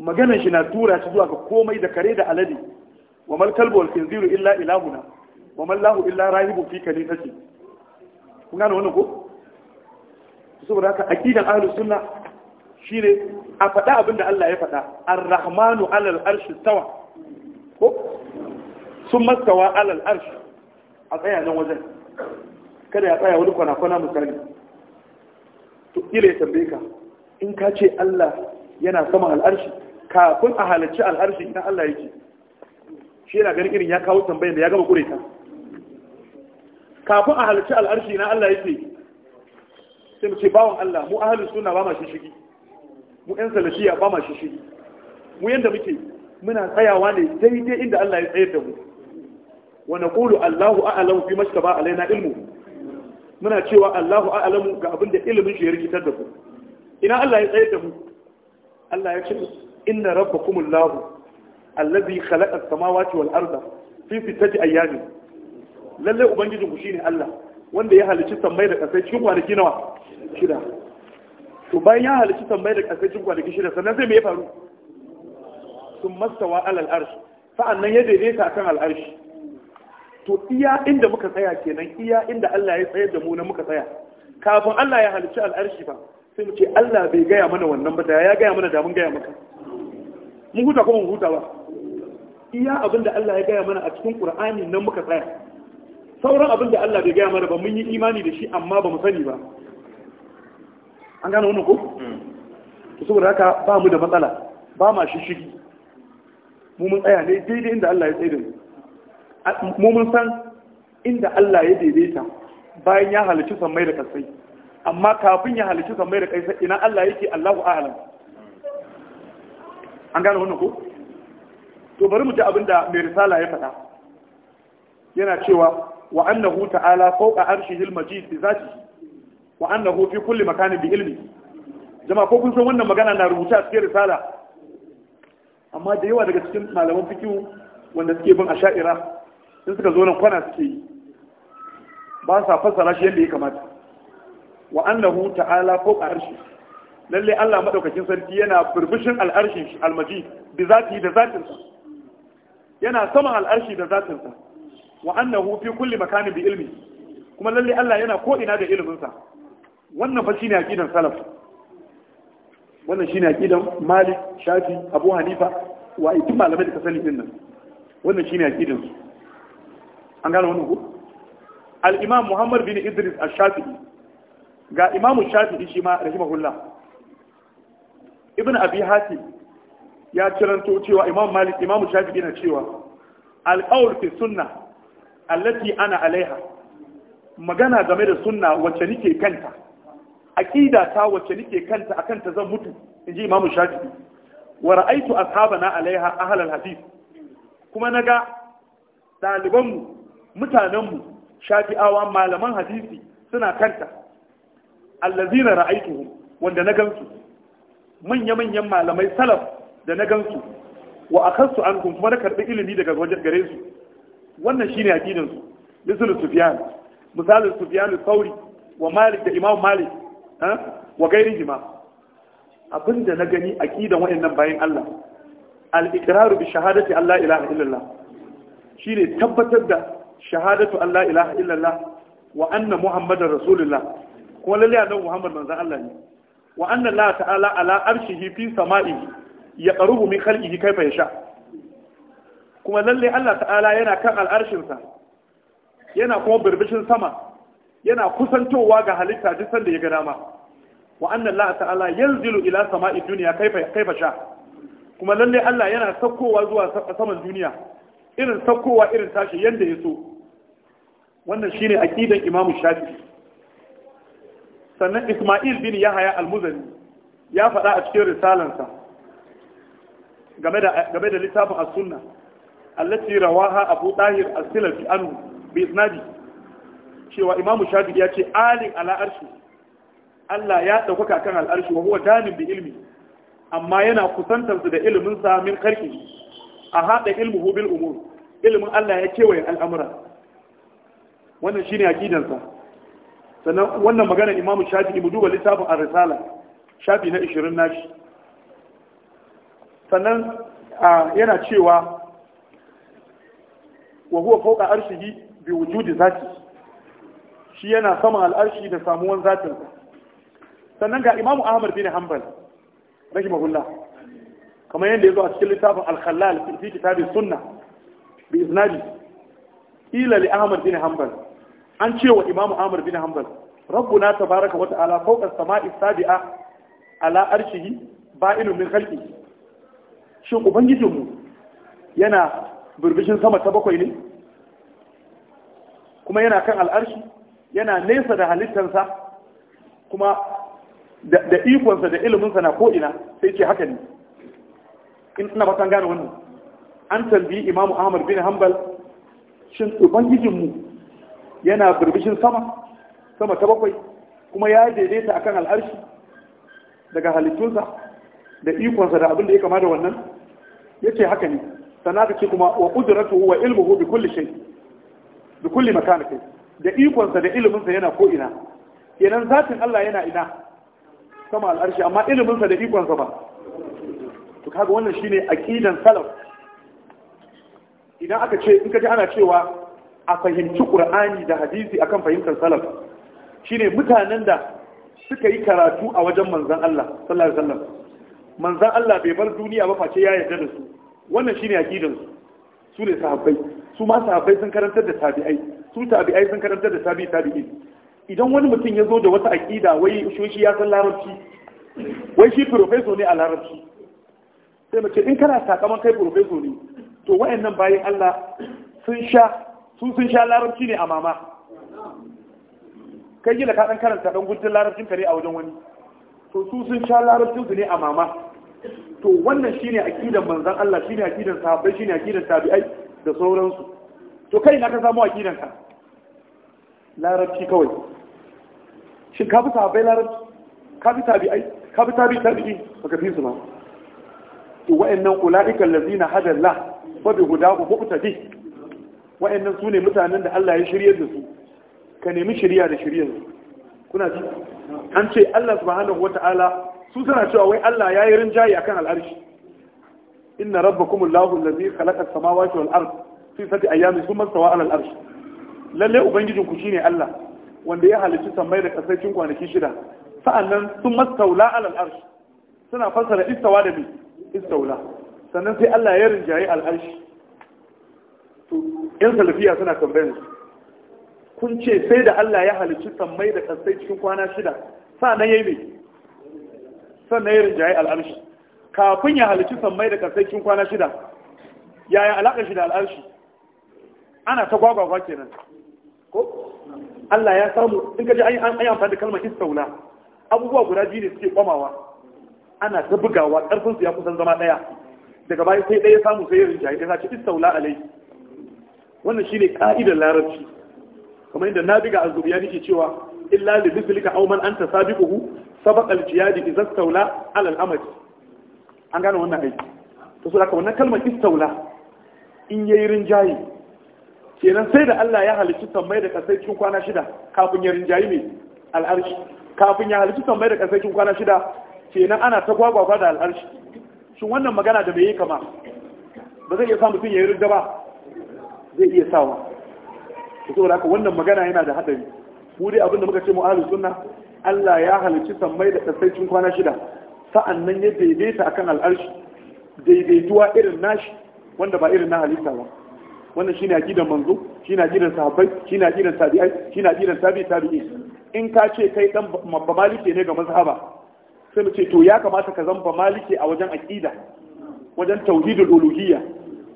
maganar shi na tura shi zuwa ga komai da kare da alade wa mal kalbu wal khinziru illa ilahuna wa mal lahu illa rahibu fi kalimati kun gane wannan ko saboda haka aqidan ahlus sunna shine a faɗa abinda Allah ya faɗa ar-rahmanu alal arshi tawa ko sun maskawa alal arsh a tsaya nan wajen kada ya tsaya wani kwana-kwana misali to ire ya tambaye ka in ka ce Allah yana saman al'arshi kafin a halarci al'arshi idan Allah yake shi yana ganin irin ya kawo tambayar da ya gama kure ta kafin a halarci al'arshi idan Allah yake sai mu ce bawon Allah mu ahalin suna ba ma shigi mu 'yan salashiya ba ma shigi mu yadda muke muna tsayawa ne daidai inda Allah ya tsayar da mu wa naqulu Allahu a'lamu fi mashtaba alaina ilmu muna cewa Allahu a'lamu ga abin da ilimin shi ya rikitar da ku ina Allah ya tsayar da mu Allah ya ce inna rabbakumullahu allazi khalaqa as-samawati wal arda fi sittati ayyamin lalle ubangijin ku shine Allah wanda ya halicci sammai da kasai cikin kwanaki nawa shida to bayan ya halicci sammai da kasai cikin kwanaki shida sannan sai me ya faru sun mastawa alal arshi sa'annan ya daidaita akan al'arshi to iya inda muka tsaya kenan iya inda Allah ya tsayar da mu na muka tsaya kafin Allah ya halicci al'arshi ba sai mu ce Allah bai gaya mana wannan ba da ya gaya mana da mun gaya maka mun huta ko mun huta ba iya abinda Allah ya gaya mana a cikin Qur'ani nan muka tsaya sauran abinda Allah bai gaya mana ba mun yi imani da shi amma ba mu sani ba an gane wannan ko hmm. to saboda haka ba mu da matsala ba ma shi shigi mu mun tsaya ne daidai inda Allah ya tsaye da mu mu mun san inda Allah ya daidaita bayan ya halicci sammai da kasai amma kafin ya halicci sammai da kasai ina Allah yake Allahu a'lam an gane wannan ko to bari mu ji abin da mai risala ya faɗa yana cewa wa annahu ta'ala fawqa arshihil majid bi zatihi wa annahu fi kulli makanin bi ilmi jama'a ko kun san wannan magana na rubuta a cikin risala amma da yawa daga cikin malaman fikihu wanda suke bin asha'ira sun suka zo nan kwana suke yi ba sa fassara shi yadda ya kamata wa annahu ta'ala fawqa arshi lalle Allah madaukakin sarki yana burbushin al'arshi almaji bi zati da zatin sa yana sama al'arshi da zatin sa wa annahu fi kulli makanin bi ilmi kuma lalle Allah yana ko ina da ilimin sa wannan fa shine aqidan salaf wannan shine aqidan Malik Shafi Abu Hanifa wa itin malamai da kasani din nan wannan shine aqidan su an gano wannan ku? al-Imam Muhammad bin Idris al-Shafi'i ga Imam Shafi'i shi ma rahimahullah Ibn Abi Hatim ya ciranto cewa Imam Malik Imam Shafi'i na cewa al-qawl fi sunnah allati ana alaiha magana game da sunna wacce nike kanta aqida ta wacce nake kanta akan ta zan mutu inji imamu shafi'i wa ra'aitu ashabana alaiha ahl alhadith kuma naga daliban mu mutanen mu shafi'awa malaman hadisi suna kanta allazina ra'aituhum wanda na gansu manya manyan malamai salaf da na gansu wa an ankum kuma na karbi ilimi daga wajen gare su wannan shine aqidan su misalu sufyan misalu sufyan al-thawri wa malik da imam malik wa gairi jima abinda na gani a ƙidan wayannan bayan Allah al-iqraru bi shahadati Allah ilaha illallah shine tabbatar da shahadatu Allah ilaha illallah wa anna muhammadar rasulullah kuma lalle annabi muhammad manzon Allah ne wa anna Allah ta'ala ala arshihi fi sama'ihi yaqrubu min khalqihi kayfa yasha kuma lalle Allah ta'ala yana kan al'arshinsa yana kuma birbishin sama yana kusantowa ga halitta duk sanda ya ga dama wa annan Allah ta'ala yanzilu ila sama'i duniya kaifa kaifa sha kuma lalle Allah yana saukowa zuwa saman duniya irin saukowa irin tashi yanda ya so wannan shine aqidan Imam Shafi sannan Isma'il bin Yahya al-Muzani ya faɗa a cikin risalansa game da game da littafin as-sunna allati rawaha Abu Dahir as-Silafi anhu bi isnadi cewa imamu shafi'i ya ce alin ala arshi Allah ya ɗaukaka kan al'arshi wa huwa damin bi ilmi amma yana kusantar da ilimin sa min karki a haɗa ilmuhu hubin umur ilimin Allah ya kewaye al'amura wannan shine aqidan sa sannan wannan magana imamu shafi'i mu duba littafin ar-risala shafi na 20 nashi sannan yana cewa wa huwa fawqa arshihi bi wujudi zati shi yana saman al'arshi da samuwan zatin sannan ga imamu ahmad bin hanbal rahimahullah kamar yadda ya zo a cikin littafin al fi kitabin sunna bi isnadi ila li ahmad bin hanbal an ce wa imamu ahmad bin hanbal rabbuna ta baraka wata fawqa as-sama'i sabi'a ala arshihi ba'ilun min khalqihi shin ubangijinmu yana burbushin sama ta bakwai ne kuma yana kan al'arshi yana nesa da halittarsa kuma da ikonsa da iliminsa na ko'ina sai ce haka ne in suna ba gane wannan an tambayi imamu ahmad bin hanbal shin ubangijinmu yana birbishin sama sama ta bakwai kuma ya daidaita akan al'arshi daga halittunsa da ikonsa da abinda da ya kama da wannan ya ce haka ne sana ka ce kuma wa ƙudurattu wa ilmuhu bi kulli shai, bi kulli makamakai da ikonsa da iliminsa yana ko ina kenan zatin Allah yana ina sama al'arshi amma iliminsa da ikonsa ba to kaga wannan shine aqidan salaf idan aka ce in ka ana cewa a fahimci qur'ani da hadisi akan fahimtar salaf shine mutanen da suka yi karatu a wajen manzon Allah sallallahu alaihi wasallam manzon Allah bai bar duniya ba face ya yarda da su wannan shine aqidan su ne sahabbai su ma sahabbai sun karantar da tabi'ai su tabi'ai sun karantar da tabi'i tabi'i idan wani mutum ya zo da wata aƙida wai shi ya san larabci wai shi profeso ne a larabci sai mace in kana sakaman kai profeso ne to wayannan bayan Allah sun sha sun sun sha larabci ne a mama kai gila ka dan karanta dan guntun larabcin ka ne a wajen wani to su sun sha larabcin su ne a mama to wannan shine akidan manzon Allah shine akidan sahabbai shine akidan tabi'ai da sauransu to kai na ka samu akidan ka larabci kawai shin ka fi sahabbai larabci ka fi tabi'ai ka bi tabi'i tabi'i baka fi su ba to wa'annan ulaiikal ladina hada Allah fa bi hudahu muqtadi wa'annan sune mutanen da Allah ya shirye da su ka nemi shiriya da shiriyar kuna ji an ce Allah subhanahu wataala su suna cewa wai Allah ya yi rinjaye akan al'arshi inna rabbakum allahu allazi khalaqa as-samawati wal ard fi sati ayyamin thumma stawa ala al lalle ubangijin ku shine Allah wanda ya halicci sammai da kasai cikin kwanaki shida sa'annan sun mastaula ala al suna fassara istawa da bi istaula sannan sai Allah ya rinjaye al to yan salafiya suna tambayar su kun ce sai da Allah ya halicci sammai da kasai cikin kwana shida sa'annan yayi me sannan ya rinjaye al'arshi kafin ya halici sammai da karsaikin kwana shida yaya alaƙa shi da al'arshi ana ta gwagwagwa kenan ko Allah ya samu in gaji an yi amfani da kalmar istaula abubuwa guda biyu ne suke kwamawa ana ta bugawa ƙarfinsu ya kusan zama ɗaya daga baya sai ɗaya samu sai rinja da ta ce istaula alai wannan shi ne ka'idar larabci kamar inda na biga azubiyani ke cewa illa li bislika an ta anta sabiquhu sabaqal jiyadi idza stawla ala al-amali an gane wannan aiki to so haka wannan kalmar istawla in yayi rinjaye kenan sai da Allah ya halicci sammai da kasai cikin kwana shida kafin ya rinjaye ne al'arshi kafin ya halicci sammai da kasai cikin kwana shida kenan ana ta gwagwa fa da al'arshi shin wannan magana da bai yi kama ba zai iya sa mutum ya yi rinda ba zai iya sawa to saboda haka wannan magana yana da hadari mu dai abinda muka ce mu ahlus sunna Allah ya halicci sammai da kasaicin kwana shida sa'an nan ya daidaita akan al'arshi daidaituwa irin nashi wanda ba irin na halitta ba wannan shi shine aqidan manzo shine aqidan sahabbai shine aqidan tabi'ai shine aqidan tabi'i tabi'i in ka ce kai dan bamalike ne ga mazhaba sai mu ce to ya kamata ka zama bamalike a wajen aqida wajen tauhidul uluhiyya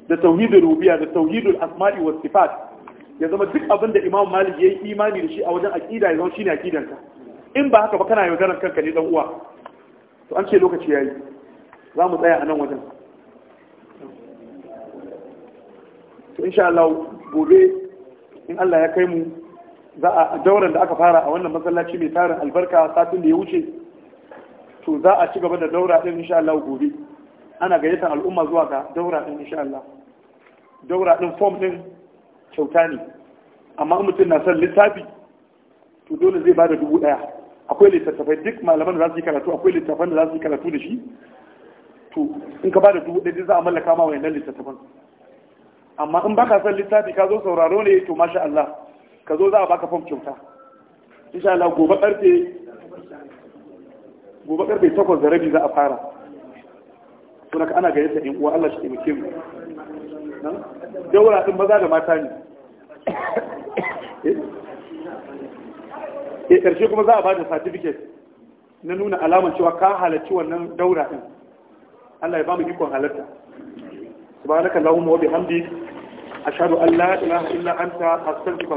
da tauhidul rububiyya da tauhidul asma'i was sifat ya zama duk abin da imam malik yayi imani da shi a wajen aqida ya zama shine aqidanka in ba haka ba kana yaudaran kanka ne dan uwa to an ce lokaci yayi za mu tsaya a nan wajen to insha Allah gobe in Allah ya kai mu za a dauran da aka fara a wannan masallaci mai tarin albarka satin da ya wuce to za a ci gaba da daura din insha Allah gobe ana gayyatar al'umma zuwa ga daura din insha Allah daura din form din kyauta ne amma mutum na son littafi to dole zai bada dubu daya akwai littattafai duk malaman da za su yi karatu akwai littattafan da za su yi karatu da shi to in ka ba da dubu ɗaya za a mallaka ma wayannan littattafan amma in baka son littafi ka zo sauraro ne to masha Allah ka zo za a baka fam kyauta insha Allah gobe karfe gobe karfe 8 da rabi za a fara kuma ana ga yadda in uwa Allah shi muke mu daura din maza da mata ne eh? sai e, karshe kuma za a ba bada certificate na nuna alamar cewa ka halarci wannan daura din Allah ya ba mu ikon halarta subhanaka allahumma wa bihamdik ashhadu an la ilaha illa anta astaghfiruka